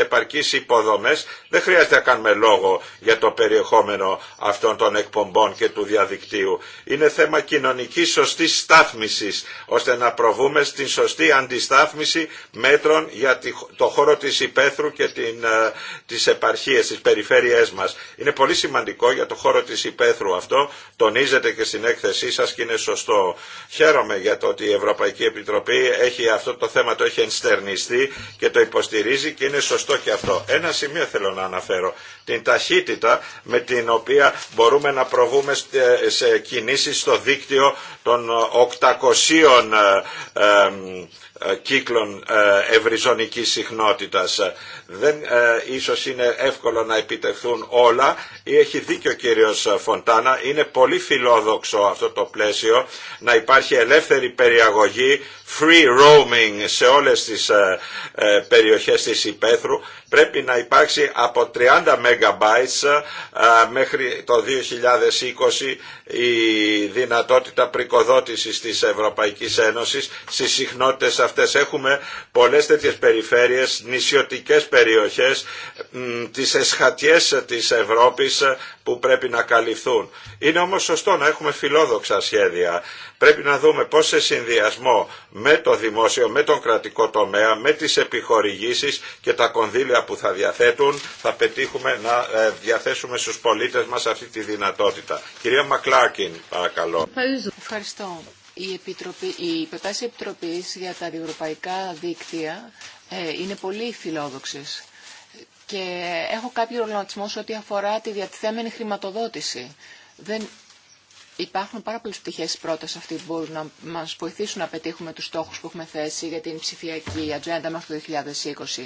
υποδομές δεν χρειάζεται να κάνουμε λόγο για το περιεχόμενο αυτών των εκπομπών και του διαδικτύου. Είναι θέμα κοινωνικής σωστής στάθμισης ώστε να προβούμε στην σωστή αντιστάθμιση μέτρων για το χώρο της υπαίθρου και την, ε, τις επαρχίες, τις περιφέρειές μας. Είναι πολύ σημαντικό για το χώρο της υπαίθρου αυτό, τονίζεται και στην έκθεσή σας και είναι σωστό. Χαίρομαι για το ότι η Ευρωπαϊκή Επιτροπή έχει αυτό το θέμα το έχει ενστερνιστεί και το υποστηρίζει και είναι σωστό και αυτό ένα σημείο θέλω να αναφέρω. Την ταχύτητα με την οποία μπορούμε να προβούμε ε, σε κινήσεις στο δίκτυο των 800 ε, ε, κύκλων ευρυζωνικής συχνότητας. Δεν ε, ίσως είναι εύκολο να επιτευχθούν όλα ή έχει δίκιο κύριος Φοντάνα. Είναι πολύ φιλόδοξο αυτό το πλαίσιο να υπάρχει ελεύθερη περιαγωγή, free roaming σε όλες τις ε, περιοχές της Υπέθρου πρέπει να υπάρξει από 30 MB ε, μέχρι το 2020 η δυνατότητα πρικοδότησης της Ευρωπαϊκής Ένωσης στις συχνότητες αυτές. Έχουμε πολλές τέτοιες περιφέρειες, νησιωτικές περιοχές, τις εσχατιές της Ευρώπης ε, που πρέπει να καλυφθούν. Είναι όμως σωστό να έχουμε φιλόδοξα σχέδια. Πρέπει να δούμε πώς σε συνδυασμό με το δημόσιο, με τον κρατικό τομέα, με τις επιχορηγήσεις και τα κονδύλια που θα διαθέτουν θα πετύχουμε να ε, διαθέσουμε στους πολίτες μας αυτή τη δυνατότητα. Κυρία Μακλάκιν, παρακαλώ. Ευχαριστώ. Η, Επιτροπή, η προτάση Επιτροπής για τα διευρωπαϊκά δίκτυα ε, είναι πολύ φιλόδοξες και έχω κάποιο ρολογισμό σε ό,τι αφορά τη διατηθέμενη χρηματοδότηση. Δεν Υπάρχουν πάρα πολλέ πτυχέ πρώτα πρόταση αυτή που μπορούν να μα βοηθήσουν να πετύχουμε του στόχου που έχουμε θέσει για την ψηφιακή ατζέντα μέχρι το 2020.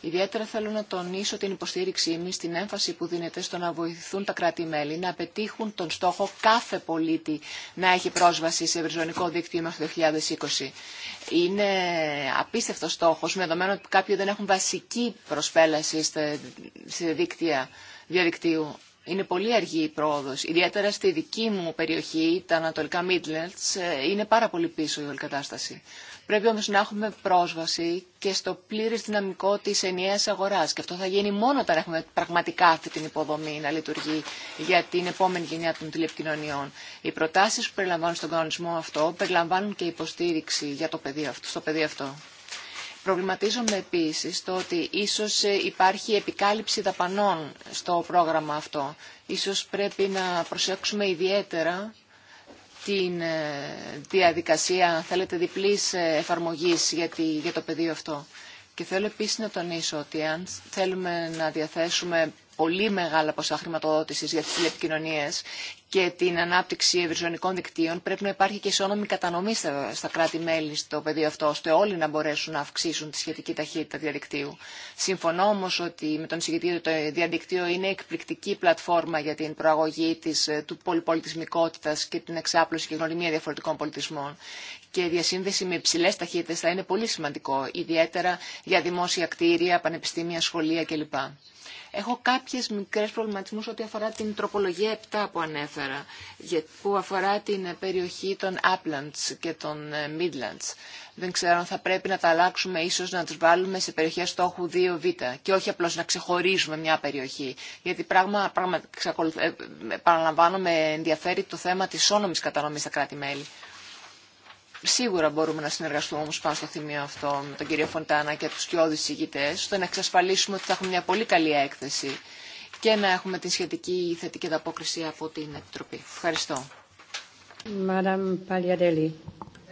Ιδιαίτερα θέλω να τονίσω την υποστήριξή μου στην έμφαση που δίνεται στο να βοηθηθούν τα κράτη-μέλη να πετύχουν τον στόχο κάθε πολίτη να έχει πρόσβαση σε ευρυζωνικό δίκτυο μέχρι το 2020. Είναι απίστευτο στόχος, με δεδομένο ότι κάποιοι δεν έχουν βασική προσφέλαση σε δίκτυα διαδικτύου είναι πολύ αργή η πρόοδο. Ιδιαίτερα στη δική μου περιοχή, τα Ανατολικά Midlands, ε, είναι πάρα πολύ πίσω η όλη κατάσταση. Πρέπει όμω να έχουμε πρόσβαση και στο πλήρε δυναμικό τη ενιαία αγορά. Και αυτό θα γίνει μόνο όταν έχουμε πραγματικά αυτή την υποδομή να λειτουργεί για την επόμενη γενιά των τηλεπικοινωνιών. Οι προτάσει που περιλαμβάνουν στον κανονισμό αυτό περιλαμβάνουν και υποστήριξη για το στο πεδίο αυτό. Προβληματίζομαι επίση το ότι ίσως ε, υπάρχει επικάλυψη δαπανών στο πρόγραμμα αυτό. Ίσως πρέπει να προσέξουμε ιδιαίτερα την ε, διαδικασία, θέλετε, διπλής ε, εφαρμογής για το πεδίο αυτό. Και θέλω επίσης να τονίσω ότι αν θέλουμε να διαθέσουμε πολύ μεγάλα ποσά χρηματοδότηση για τι τηλεπικοινωνίε και την ανάπτυξη ευρυζωνικών δικτύων, πρέπει να υπάρχει και ισόνομη κατανομή στα κράτη-μέλη στο πεδίο αυτό, ώστε όλοι να μπορέσουν να αυξήσουν τη σχετική ταχύτητα διαδικτύου. Συμφωνώ όμω ότι με τον συγκεκριμένο ότι το διαδικτύο είναι εκπληκτική πλατφόρμα για την προαγωγή της, του πολυπολιτισμικότητα και την εξάπλωση και γνωριμία διαφορετικών πολιτισμών. Και η διασύνδεση με υψηλέ ταχύτητε θα είναι πολύ σημαντικό, ιδιαίτερα για δημόσια κτίρια, πανεπιστήμια, σχολεία κλπ. Έχω κάποιες μικρές προβληματισμούς ό,τι αφορά την τροπολογία 7 που ανέφερα, που αφορά την ε, περιοχή των Uplands και των ε, Midlands. Δεν ξέρω αν θα πρέπει να τα αλλάξουμε, ίσως να τους βάλουμε σε περιοχές στόχου 2β και όχι απλώς να ξεχωρίζουμε μια περιοχή. Γιατί πράγμα, πράγμα ε, παραλαμβάνω ενδιαφέρει το θέμα της όνομης κατανομής στα κράτη-μέλη. Σίγουρα μπορούμε να συνεργαστούμε όμω πάνω στο θημείο αυτό με τον κύριο Φοντάνα και του κοιόδης ηγητέ, ώστε να εξασφαλίσουμε ότι θα έχουμε μια πολύ καλή έκθεση και να έχουμε τη σχετική θετική ανταπόκριση από την Επιτροπή. Ευχαριστώ.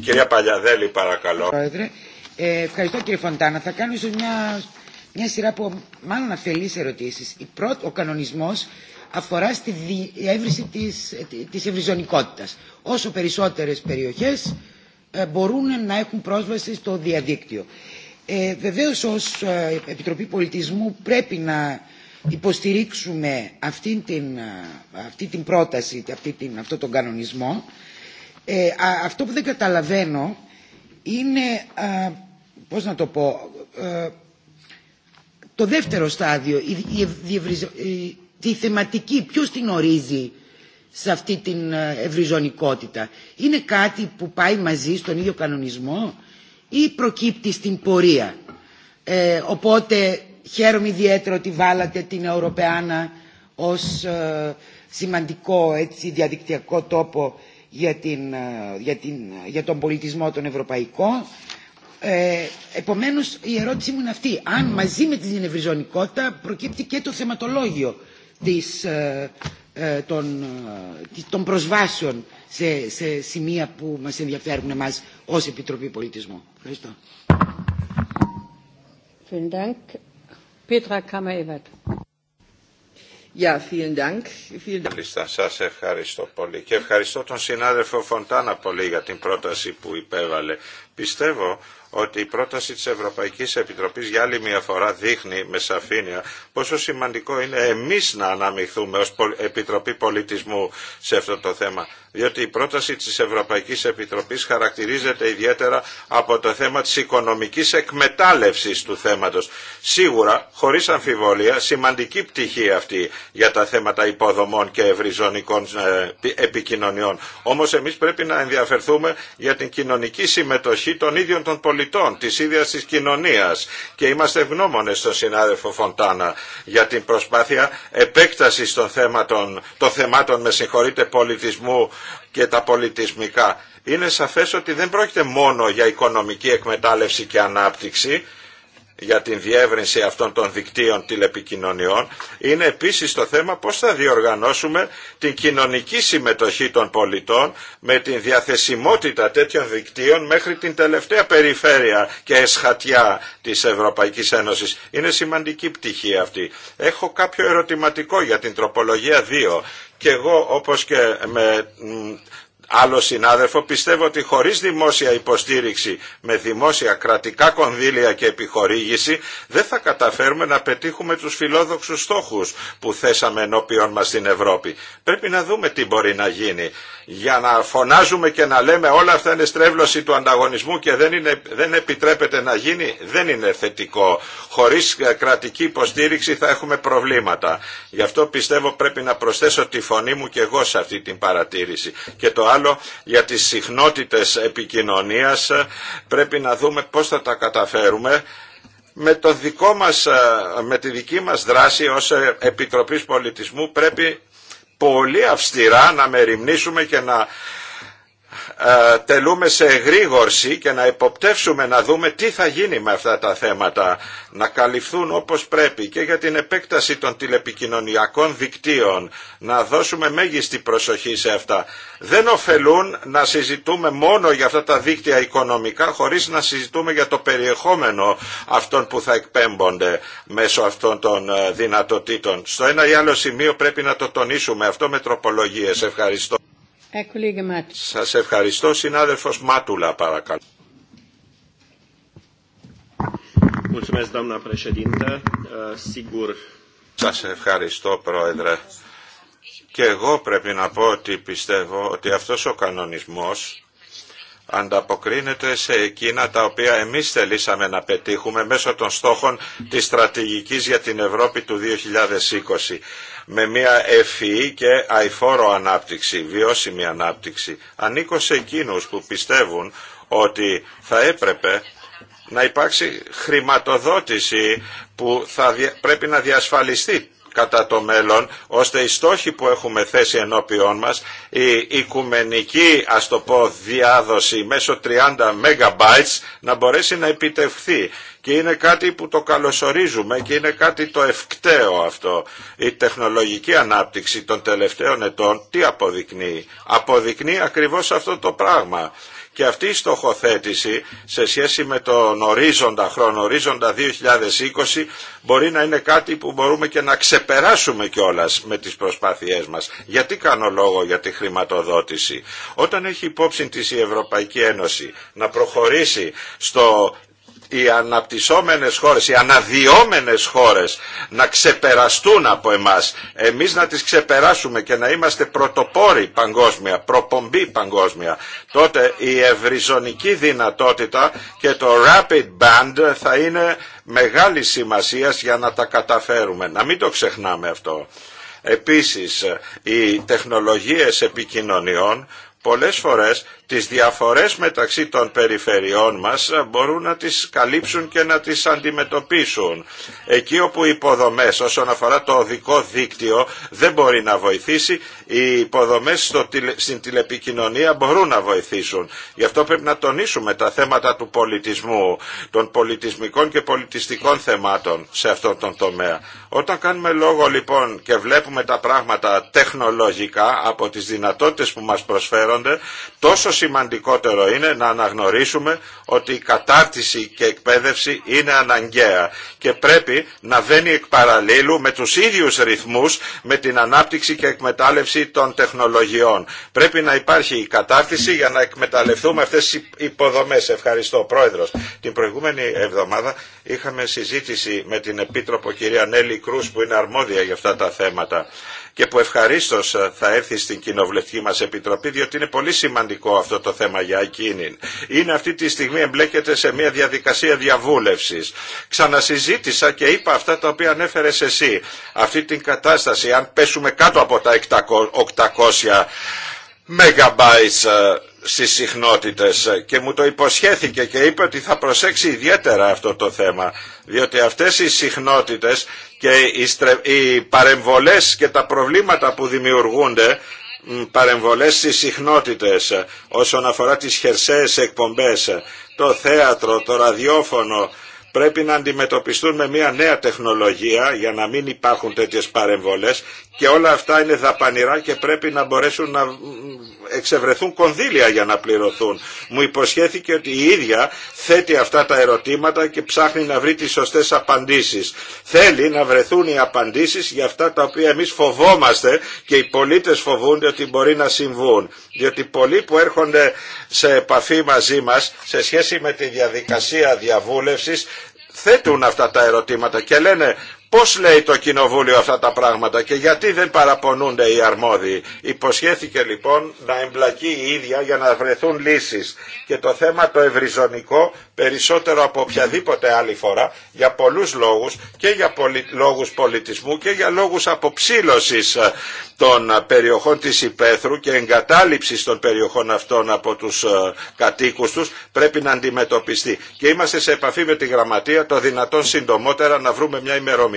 Κυρία Παλιαδέλη, παρακαλώ. Πρόεδρε, ε, ευχαριστώ κύριε Φοντάνα. Θα κάνω ίσως μια, μια σειρά από μάλλον αφελείς ερωτήσεις. Η πρώτη, ο κανονισμός αφορά στη διεύρυνση της, ε, της Όσο περισσότερες περιοχές, μπορούν να έχουν πρόσβαση στο διαδίκτυο. Ε, βεβαίως ως Επιτροπή Πολιτισμού πρέπει να υποστηρίξουμε αυτή την, αυτή την πρόταση και αυτή την, αυτό τον κανονισμό. αυτό που δεν καταλαβαίνω είναι, α, πώς να το πω, το δεύτερο στάδιο, η, τη θεματική, ποιος την ορίζει σε αυτή την ε, ευρυζωνικότητα. Είναι κάτι που πάει μαζί στον ίδιο κανονισμό ή προκύπτει στην πορεία. Ε, οπότε χαίρομαι ιδιαίτερα ότι βάλατε την Ευρωπαϊκή ως ε, σημαντικό έτσι, διαδικτυακό τόπο για, ε, για, την, για τον πολιτισμό τον ευρωπαϊκό. Ε, επομένως η ερώτησή μου είναι αυτή. Αν μαζί με την ευρυζωνικότητα προκύπτει και το θεματολόγιο της, ε, ε, των προσβάσεων σε σημεία που μας ενδιαφέρουν εμάς ως Επιτροπή Πολιτισμού. Ευχαριστώ. Yeah, vielen Dank. Vielen Dank. Σας ευχαριστώ πολύ και ευχαριστώ τον συνάδελφο Φοντάνα πολύ για την πρόταση που υπέβαλε. Πιστεύω ότι η πρόταση της Ευρωπαϊκής Επιτροπής για άλλη μια φορά δείχνει με σαφήνεια πόσο σημαντικό είναι εμείς να αναμειχθούμε ως Επιτροπή Πολιτισμού σε αυτό το θέμα διότι η πρόταση της Ευρωπαϊκής Επιτροπής χαρακτηρίζεται ιδιαίτερα από το θέμα της οικονομικής εκμετάλλευσης του θέματος. Σίγουρα, χωρίς αμφιβολία, σημαντική πτυχή αυτή για τα θέματα υποδομών και ευρυζωνικών ε, επικοινωνιών. Όμως εμείς πρέπει να ενδιαφερθούμε για την κοινωνική συμμετοχή των ίδιων των πολιτών, της ίδιας της κοινωνίας. Και είμαστε ευγνώμονες στον συνάδελφο Φοντάνα για την προσπάθεια επέκτασης των θέματων, των θεμάτων με συγχωρείτε, πολιτισμού και τα πολιτισμικά. Είναι σαφές ότι δεν πρόκειται μόνο για οικονομική εκμετάλλευση και ανάπτυξη, για την διεύρυνση αυτών των δικτύων τηλεπικοινωνιών είναι επίσης το θέμα πώς θα διοργανώσουμε την κοινωνική συμμετοχή των πολιτών με την διαθεσιμότητα τέτοιων δικτύων μέχρι την τελευταία περιφέρεια και εσχατιά της Ευρωπαϊκής Ένωσης. Είναι σημαντική πτυχή αυτή. Έχω κάποιο ερωτηματικό για την τροπολογία 2 και εγώ όπως και με άλλο συνάδελφο, πιστεύω ότι χωρίς δημόσια υποστήριξη, με δημόσια κρατικά κονδύλια και επιχορήγηση, δεν θα καταφέρουμε να πετύχουμε τους φιλόδοξους στόχους που θέσαμε ενώπιον μας στην Ευρώπη. Πρέπει να δούμε τι μπορεί να γίνει. Για να φωνάζουμε και να λέμε όλα αυτά είναι στρέβλωση του ανταγωνισμού και δεν, είναι, δεν επιτρέπεται να γίνει, δεν είναι θετικό. Χωρίς ε, κρατική υποστήριξη θα έχουμε προβλήματα. Γι' αυτό πιστεύω πρέπει να προσθέσω τη φωνή μου και εγώ σε αυτή την παρατήρηση. Και το άλλο για τις συχνότητες επικοινωνίας πρέπει να δούμε πώς θα τα καταφέρουμε με, το δικό μας, ε, με τη δική μας δράση ως ε, Επιτροπής Πολιτισμού πρέπει πολύ αυστηρά να μεριμνήσουμε και να ε, τελούμε σε εγρήγορση και να υποπτεύσουμε να δούμε τι θα γίνει με αυτά τα θέματα, να καλυφθούν όπως πρέπει και για την επέκταση των τηλεπικοινωνιακών δικτύων, να δώσουμε μέγιστη προσοχή σε αυτά. Δεν ωφελούν να συζητούμε μόνο για αυτά τα δίκτυα οικονομικά χωρίς να συζητούμε για το περιεχόμενο αυτών που θα εκπέμπονται μέσω αυτών των ε, δυνατοτήτων. Στο ένα ή άλλο σημείο πρέπει να το τονίσουμε αυτό με τροπολογίες. Ευχαριστώ. Ε, Σας ευχαριστώ συνάδελφος Μάτουλα παρακαλώ. Ε, Σας ευχαριστώ πρόεδρε. Και εγώ πρέπει να πω ότι πιστεύω ότι αυτός ο κανονισμός ανταποκρίνεται σε εκείνα τα οποία εμείς θελήσαμε να πετύχουμε μέσω των στόχων της στρατηγικής για την Ευρώπη του 2020 με μια ευφυή και αηφόρο ανάπτυξη, βιώσιμη ανάπτυξη. Ανήκω σε εκείνους που πιστεύουν ότι θα έπρεπε να υπάρξει χρηματοδότηση που θα πρέπει να διασφαλιστεί κατά το μέλλον, ώστε οι στόχοι που έχουμε θέσει ενώπιόν μας, η οικουμενική, ας το πω, διάδοση μέσω 30 MB να μπορέσει να επιτευχθεί και είναι κάτι που το καλωσορίζουμε και είναι κάτι το ευκταίο αυτό. Η τεχνολογική ανάπτυξη των τελευταίων ετών τι αποδεικνύει. Αποδεικνύει ακριβώς αυτό το πράγμα. Και αυτή η στοχοθέτηση σε σχέση με τον ορίζοντα χρόνο, ορίζοντα 2020, μπορεί να είναι κάτι που μπορούμε και να ξεπεράσουμε κιόλα με τις προσπάθειές μας. Γιατί κάνω λόγο για τη χρηματοδότηση. Όταν έχει υπόψη της η Ευρωπαϊκή Ένωση να προχωρήσει στο οι αναπτυσσόμενες χώρες, οι αναδυόμενες χώρες να ξεπεραστούν από εμάς. Εμείς να τις ξεπεράσουμε και να είμαστε πρωτοπόροι παγκόσμια, προπομπή παγκόσμια. Τότε η ευρυζωνική δυνατότητα και το rapid band θα είναι μεγάλη σημασία για να τα καταφέρουμε. Να μην το ξεχνάμε αυτό. Επίσης, οι τεχνολογίες επικοινωνιών πολλές φορές τις διαφορές μεταξύ των περιφερειών μας ε, μπορούν να τις καλύψουν και να τις αντιμετωπίσουν. Εκεί όπου οι υποδομές όσον αφορά το οδικό δίκτυο δεν μπορεί να βοηθήσει, οι υποδομές στο, στην τηλεπικοινωνία μπορούν να βοηθήσουν. Γι' αυτό πρέπει να τονίσουμε τα θέματα του πολιτισμού, των πολιτισμικών και πολιτιστικών θεμάτων σε αυτόν τον τομέα. Όταν κάνουμε λόγο λοιπόν και βλέπουμε τα πράγματα τεχνολογικά από τις δυνατότητες που μας προσφέρουν, τόσο σημαντικότερο είναι να αναγνωρίσουμε ότι η κατάρτιση και εκπαίδευση είναι αναγκαία και πρέπει να βαίνει εκ με τους ίδιους ρυθμούς με την ανάπτυξη και εκμετάλλευση των τεχνολογιών. Πρέπει να υπάρχει η κατάρτιση για να εκμεταλλευτούμε αυτές τις υποδομές. Ευχαριστώ Πρόεδρος. Την προηγούμενη εβδομάδα είχαμε συζήτηση με την Επίτροπο κυρία Νέλη Κρούς που είναι αρμόδια για αυτά τα θέματα και που ευχαρίστω ε, θα έρθει στην κοινοβουλευτική μα επιτροπή, διότι είναι πολύ σημαντικό αυτό το θέμα για εκείνη. Είναι αυτή τη στιγμή εμπλέκεται σε μια διαδικασία διαβούλευση. Ξανασυζήτησα και είπα αυτά τα οποία ανέφερε εσύ. Αυτή την κατάσταση, αν πέσουμε κάτω από τα 800 megabytes στις συχνότητες και μου το υποσχέθηκε και είπε ότι θα προσέξει ιδιαίτερα αυτό το θέμα διότι αυτές οι συχνότητες και οι παρεμβολές και τα προβλήματα που δημιουργούνται παρεμβολές στις συχνότητες όσον αφορά τις χερσαίες εκπομπές, το θέατρο, το ραδιόφωνο πρέπει να αντιμετωπιστούν με μια νέα τεχνολογία για να μην υπάρχουν τέτοιες παρεμβολές και όλα αυτά είναι δαπανηρά και πρέπει να μπορέσουν να εξευρεθούν κονδύλια για να πληρωθούν. Μου υποσχέθηκε ότι η ίδια θέτει αυτά τα ερωτήματα και ψάχνει να βρει τις σωστές απαντήσεις. Θέλει να βρεθούν οι απαντήσεις για αυτά τα οποία εμείς φοβόμαστε και οι πολίτες φοβούνται ότι μπορεί να συμβούν. Διότι πολλοί που έρχονται σε επαφή μαζί μας σε σχέση με τη διαδικασία διαβούλευσης θέτουν αυτά τα ερωτήματα και λένε Πώς λέει το Κοινοβούλιο αυτά τα πράγματα και γιατί δεν παραπονούνται οι αρμόδιοι. Υποσχέθηκε λοιπόν να εμπλακεί η ίδια για να βρεθούν λύσεις. Και το θέμα το ευρυζωνικό περισσότερο από οποιαδήποτε άλλη φορά για πολλούς λόγους και για πολι... λόγους πολιτισμού και για λόγους αποψήλωσης ε, των ε, περιοχών της Υπέθρου και εγκατάλειψης των περιοχών αυτών από τους ε, κατοίκους τους πρέπει να αντιμετωπιστεί. Και είμαστε σε επαφή με τη γραμματεία το δυνατόν συντομότερα να βρούμε μια ημερομηνία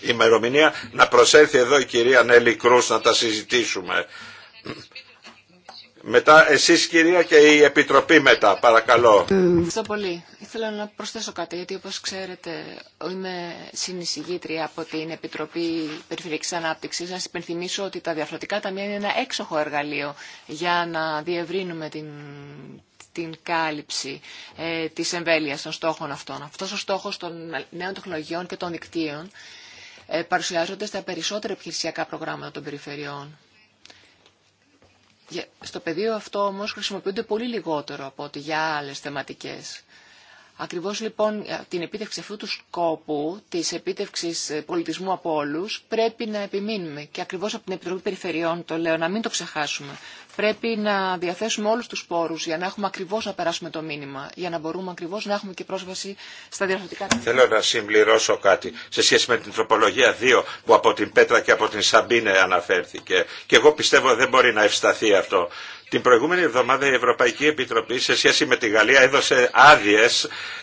ημερομηνία να προσέλθει εδώ η κυρία Νέλη Κρούς να τα συζητήσουμε. Μετά εσείς κυρία και η Επιτροπή μετά, παρακαλώ. Ευχαριστώ πολύ. Ήθελα να προσθέσω κάτι, γιατί όπως ξέρετε είμαι συνεισηγήτρια από την Επιτροπή Περιφερειακής Ανάπτυξης. Να σας υπενθυμίσω ότι τα διαφορετικά ταμεία είναι ένα έξοχο εργαλείο για να διευρύνουμε την την κάλυψη ε, της εμβέλειας των στόχων αυτών. Αυτός ο στόχος των νέων τεχνολογιών και των δικτύων ε, παρουσιάζονται στα περισσότερα επιχειρησιακά προγράμματα των περιφερειών. Στο πεδίο αυτό όμως χρησιμοποιούνται πολύ λιγότερο από ό,τι για άλλες θεματικές. Ακριβώς λοιπόν ε, την επίτευξη αυτού του σκόπου, της επίτευξης ε, πολιτισμού από όλου, πρέπει να επιμείνουμε και ακριβώς από την Επιτροπή Περιφερειών το λέω, να μην το ξεχάσουμε. Πρέπει να διαθέσουμε όλους τους πόρους για να έχουμε ακριβώς να περάσουμε το μήνυμα, για να μπορούμε ακριβώς να έχουμε και πρόσβαση στα διαφορετικά. Θέλω να συμπληρώσω κάτι σε σχέση με την τροπολογία 2 που από την Πέτρα και από την Σαμπίνε αναφέρθηκε και εγώ πιστεύω δεν μπορεί να ευσταθεί αυτό την προηγούμενη εβδομάδα η Ευρωπαϊκή Επιτροπή σε σχέση με τη Γαλλία έδωσε άδειε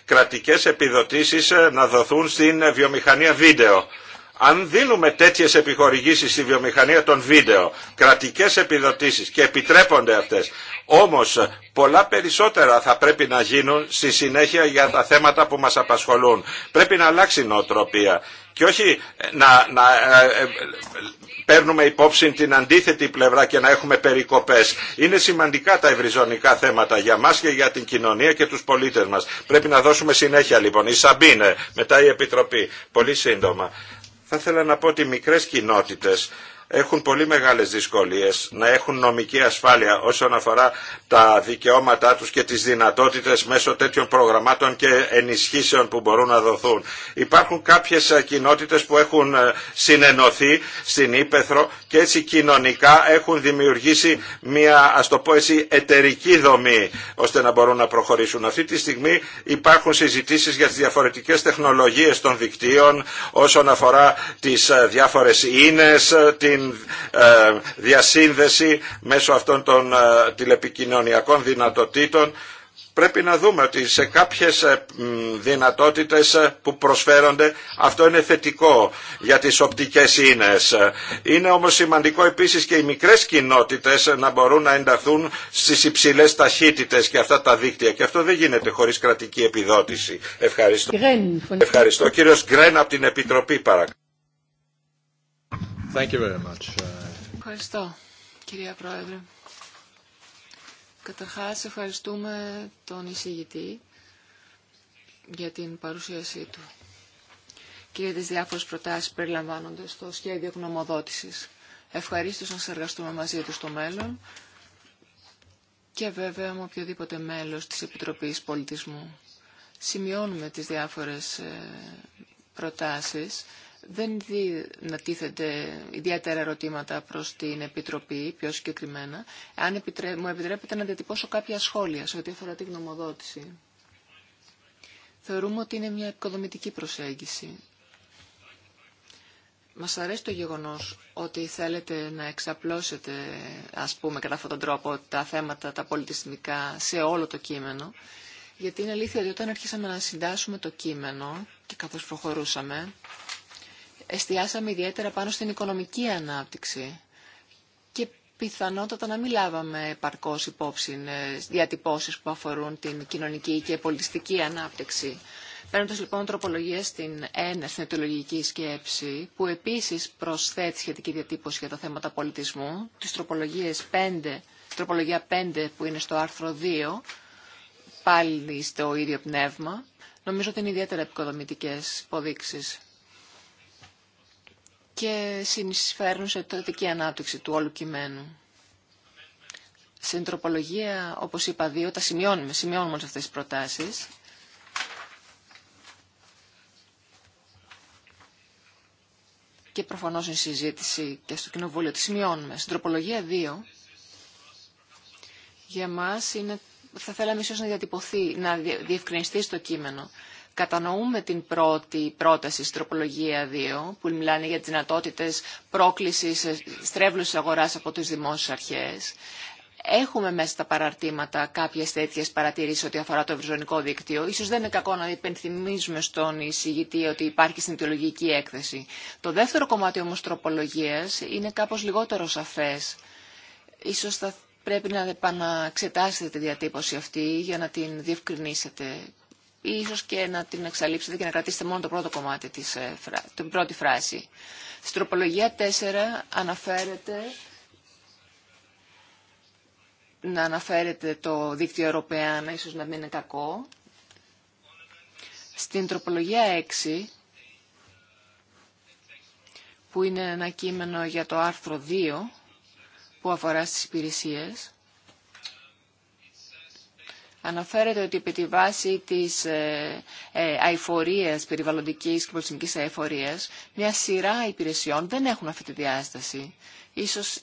κρατικές επιδοτήσεις ε, να δοθούν στην βιομηχανία βίντεο. Αν δίνουμε τέτοιες επιχορηγήσεις στη βιομηχανία των βίντεο, κρατικές επιδοτήσεις και επιτρέπονται αυτές, όμως ε, πολλά περισσότερα θα πρέπει να γίνουν στη συνέχεια για τα θέματα που μας απασχολούν. Πρέπει να αλλάξει η νοοτροπία και όχι ε, να, να παίρνουμε υπόψη την αντίθετη πλευρά και να έχουμε περικοπές. Είναι σημαντικά τα ευρυζωνικά θέματα για μας και για την κοινωνία και τους πολίτες μας. Πρέπει να δώσουμε συνέχεια λοιπόν. Η Σαμπίνε, μετά η Επιτροπή. Πολύ σύντομα. Θα ήθελα να πω ότι μικρές κοινότητες έχουν πολύ μεγάλες δυσκολίες να έχουν νομική ασφάλεια όσον αφορά τα δικαιώματά τους και τις δυνατότητες μέσω τέτοιων προγραμμάτων και ενισχύσεων που μπορούν να δοθούν. Υπάρχουν κάποιες ε, κοινότητες που έχουν ε, συνενωθεί στην Ήπεθρο και έτσι κοινωνικά έχουν δημιουργήσει μια ας το πω έτσι εταιρική δομή ώστε να μπορούν να προχωρήσουν. Αυτή τη στιγμή υπάρχουν συζητήσεις για τις διαφορετικές τεχνολογίες των δικτύων όσον αφορά τις ε, διάφορες ίνες, ε, διασύνδεση μέσω αυτών των ε, τηλεπικοινωνιακών δυνατοτήτων πρέπει να δούμε ότι σε κάποιες ε, δυνατότητες που προσφέρονται αυτό είναι θετικό για τις οπτικές ίνες. Είναι όμως σημαντικό επίσης και οι μικρές κοινότητες να μπορούν να ενταθούν στις υψηλές ταχύτητες και αυτά τα δίκτυα και αυτό δεν γίνεται χωρίς κρατική επιδότηση. Ευχαριστώ. Ευχαριστώ. Κύριος Γκρέν από την Επιτροπή παρακαλώ. Ευχαριστώ, κυρία Πρόεδρε. Καταρχάς, ευχαριστούμε τον εισηγητή για την παρουσίασή του και για τις διάφορες προτάσεις περιλαμβάνονται στο σχέδιο γνωμοδότησης. Ευχαρίστως να εργαστούμε μαζί του στο μέλλον και βέβαια με οποιοδήποτε μέλος της Επιτροπής Πολιτισμού. Σημειώνουμε τις διάφορες ε, προτάσεις δεν δει να τίθεται ιδιαίτερα ερωτήματα προς την Επιτροπή, πιο συγκεκριμένα. Αν επιτρέ... μου επιτρέπετε να διατυπώσω κάποια σχόλια σε ό,τι αφορά τη γνωμοδότηση. Θεωρούμε ότι είναι μια οικοδομητική προσέγγιση. Μας αρέσει το γεγονός ότι θέλετε να εξαπλώσετε, ας πούμε, κατά αυτόν τον τρόπο, τα θέματα, τα πολιτισμικά, σε όλο το κείμενο. Γιατί είναι αλήθεια ότι όταν αρχίσαμε να συντάσσουμε το κείμενο και καθώς προχωρούσαμε, εστιάσαμε ιδιαίτερα πάνω στην οικονομική ανάπτυξη και πιθανότατα να μην λάβαμε επαρκώς υπόψη ε, διατυπώσεις που αφορούν την κοινωνική και πολιτιστική ανάπτυξη. Παίρνοντα λοιπόν τροπολογία στην ένα στην σκέψη, που επίση προσθέτει σχετική διατύπωση για τα θέματα πολιτισμού, τι τροπολογίε 5, τροπολογία 5 που είναι στο άρθρο 2, πάλι στο ίδιο πνεύμα, νομίζω ότι είναι ιδιαίτερα επικοδομητικέ υποδείξει και συνεισφέρουν σε δική ανάπτυξη του όλου κειμένου. Στην τροπολογία, όπως είπα, δύο, τα σημειώνουμε, σημειώνουμε όλες αυτές τις προτάσεις. Και προφανώς στην συζήτηση και στο Κοινοβούλιο, τη σημειώνουμε. Στην τροπολογία δύο, για μας είναι, θα θέλαμε ίσως να διατυπωθεί, να διευκρινιστεί στο κείμενο κατανοούμε την πρώτη πρόταση στην τροπολογία 2, που μιλάνε για τις δυνατότητες πρόκλησης ε, στρέβλωση αγοράς από τις δημόσιες αρχές. Έχουμε μέσα στα παραρτήματα κάποιε τέτοιε παρατηρήσει ό,τι αφορά το ευρυζωνικό δίκτυο. σω δεν είναι κακό να υπενθυμίζουμε στον εισηγητή ότι υπάρχει στην έκθεση. Το δεύτερο κομμάτι όμω τροπολογία είναι κάπω λιγότερο σαφέ. Σω θα πρέπει να επαναξετάσετε τη διατύπωση αυτή για να την διευκρινίσετε ίσως και να την εξαλείψετε και να κρατήσετε μόνο το πρώτο κομμάτι της, ε, την πρώτη φράση. Στην τροπολογία 4 αναφέρεται να αναφέρεται το δίκτυο να ίσως να μην είναι κακό. Στην τροπολογία 6, που είναι ένα κείμενο για το άρθρο 2, που αφορά στις υπηρεσίες, Αναφέρεται ότι επί τη βάση της ε, ε, αηφορίας, περιβαλλοντικής και πολιτισμικής αηφορίας, μια σειρά υπηρεσιών δεν έχουν αυτή τη διάσταση. Ίσως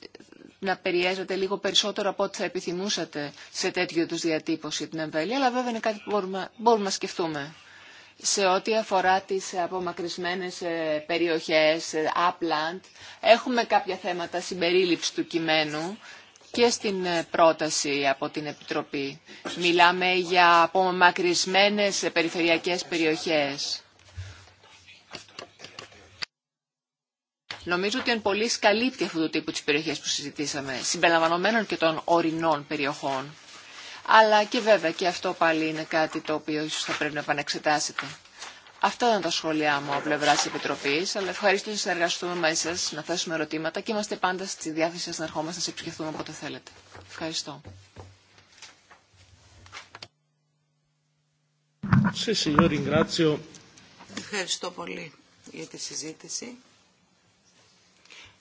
να περιέζεται λίγο περισσότερο από ό,τι θα επιθυμούσατε σε τέτοιου είδους διατύπωση την εμβέλεια, αλλά βέβαια είναι κάτι που μπορούμε, να σκεφτούμε σε ό,τι αφορά τις απομακρυσμένες ε, περιοχές, upland, έχουμε κάποια θέματα συμπερίληψη του κειμένου και στην ε, πρόταση από την Επιτροπή. Μιλάμε για απομακρυσμένες ε, περιφερειακές περιοχές. Νομίζω ότι εν πολύ καλύπτει αυτού του τύπου τις περιοχές που συζητήσαμε, συμπεριλαμβανομένων και των ορεινών περιοχών. Αλλά και βέβαια και αυτό πάλι είναι κάτι το οποίο ίσως θα πρέπει να επανεξετάσετε. Αυτά ήταν τα σχόλιά μου από πλευρά τη Επιτροπή, αλλά ευχαρίστω να συνεργαστούμε μαζί σα, να θέσουμε ερωτήματα και είμαστε πάντα στη διάθεση σα να ερχόμαστε να σε επισκεφθούμε όποτε θέλετε. Ευχαριστώ. Ευχαριστώ πολύ για τη συζήτηση,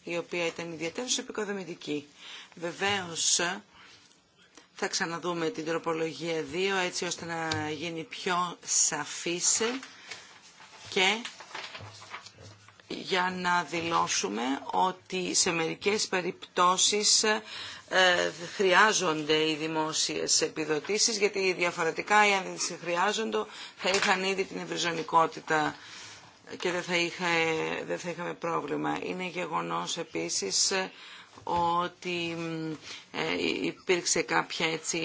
η οποία ήταν ιδιαίτερα επικοδομητική. Βεβαίως, θα ξαναδούμε την τροπολογία 2, έτσι ώστε να γίνει πιο σαφή και για να δηλώσουμε ότι σε μερικές περιπτώσεις ε, χρειάζονται οι δημόσιες επιδοτήσεις γιατί διαφορετικά οι αν δεν χρειάζονται θα είχαν ήδη την ευρυζωνικότητα και δεν θα, είχα, δεν θα είχαμε πρόβλημα. Είναι γεγονός επίσης ότι ε, υπήρξε κάποια έτσι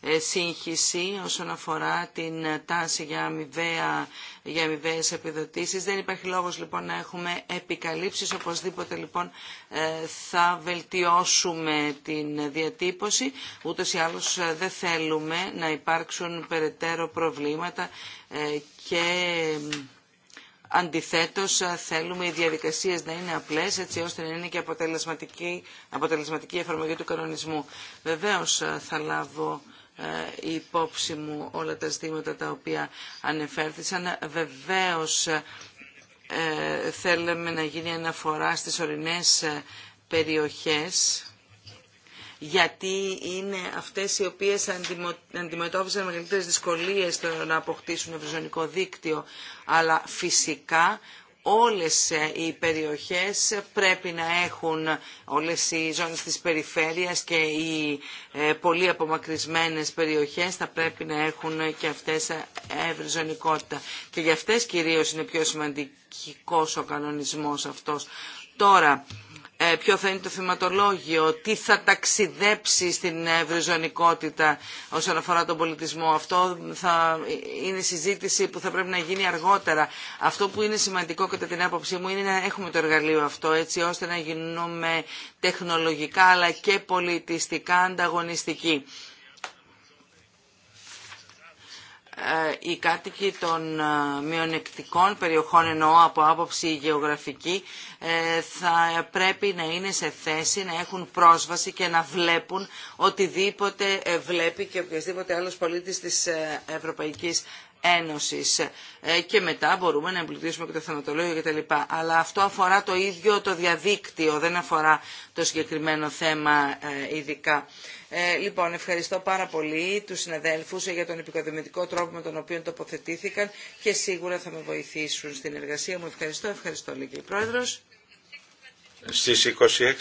ε, σύγχυση όσον αφορά την τάση για, αμοιβαία, για αμοιβαίες επιδοτήσεις. Δεν υπάρχει λόγος λοιπόν να έχουμε επικαλύψεις. Οπωσδήποτε λοιπόν ε, θα βελτιώσουμε την διατύπωση. Ούτως ή άλλως δεν θέλουμε να υπάρξουν περαιτέρω προβλήματα και Αντιθέτως θέλουμε οι διαδικασίες να είναι απλές έτσι ώστε να είναι και αποτελεσματική, αποτελεσματική εφαρμογή του κανονισμού. Βεβαίως θα λάβω υπόψη μου όλα τα ζητήματα τα οποία ανεφέρθησαν. Βεβαίως ε, θέλουμε να γίνει αναφορά στις ορεινές ε, περιοχές γιατί είναι αυτές οι οποίες αντιμετώπισαν μεγαλύτερες δυσκολίες στο να αποκτήσουν ευρωζωνικό δίκτυο. Αλλά φυσικά όλες ε, οι περιοχές πρέπει να έχουν όλες οι ζώνες της περιφέρειας και οι ε, πολύ απομακρυσμένες περιοχές θα πρέπει να έχουν και αυτές ε, ευρυζωνικότητα. Και για αυτές κυρίως είναι πιο σημαντικός ο κανονισμός αυτός. Τώρα, ε, ποιο θα είναι το θεματολόγιο, τι θα ταξιδέψει στην ευρυζωνικότητα όσον αφορά τον πολιτισμό. Αυτό θα είναι συζήτηση που θα πρέπει να γίνει αργότερα. Αυτό που είναι σημαντικό κατά την άποψή μου είναι να έχουμε το εργαλείο αυτό έτσι ώστε να γίνουμε τεχνολογικά αλλά και πολιτιστικά ανταγωνιστικοί. Ε, οι κάτοικοι των ε, μειονεκτικών περιοχών εννοώ από άποψη γεωγραφική ε, θα πρέπει να είναι σε θέση να έχουν πρόσβαση και να βλέπουν οτιδήποτε βλέπει και οποιασδήποτε άλλος πολίτης της Ευρωπαϊκής Ένωσης και μετά μπορούμε να εμπλουτίσουμε και το θεματολόγιο κτλ. Αλλά αυτό αφορά το ίδιο το διαδίκτυο, δεν αφορά το συγκεκριμένο θέμα ειδικά. Ε, λοιπόν, ευχαριστώ πάρα πολύ τους συναδέλφους για τον επικοδομητικό τρόπο με τον οποίο τοποθετήθηκαν και σίγουρα θα με βοηθήσουν στην εργασία μου. Ευχαριστώ, ευχαριστώ Λίγη Πρόεδρος. Στις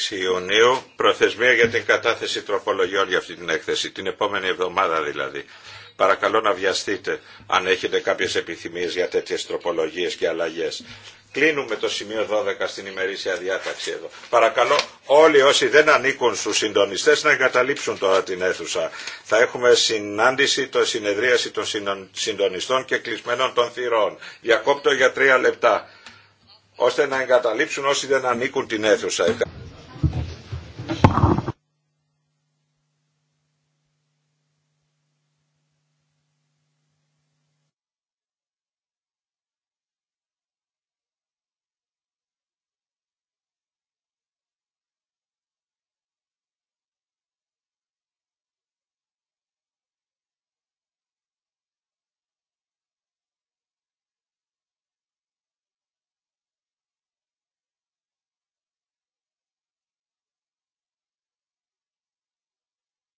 26 Ιουνίου προθεσμία για την κατάθεση τροπολογιών για αυτή την έκθεση, την επόμενη εβδομάδα δηλαδή. Παρακαλώ να βιαστείτε αν έχετε κάποιες επιθυμίες για τέτοιες τροπολογίες και αλλαγές. Κλείνουμε το σημείο 12 στην ημερήσια διάταξη εδώ. Παρακαλώ όλοι όσοι δεν ανήκουν στους συντονιστές να εγκαταλείψουν τώρα την αίθουσα. Θα έχουμε συνάντηση, το συνεδρίαση των συντονιστών και κλεισμένων των θυρών. Διακόπτω για τρία λεπτά, ώστε να εγκαταλείψουν όσοι δεν ανήκουν την αίθουσα.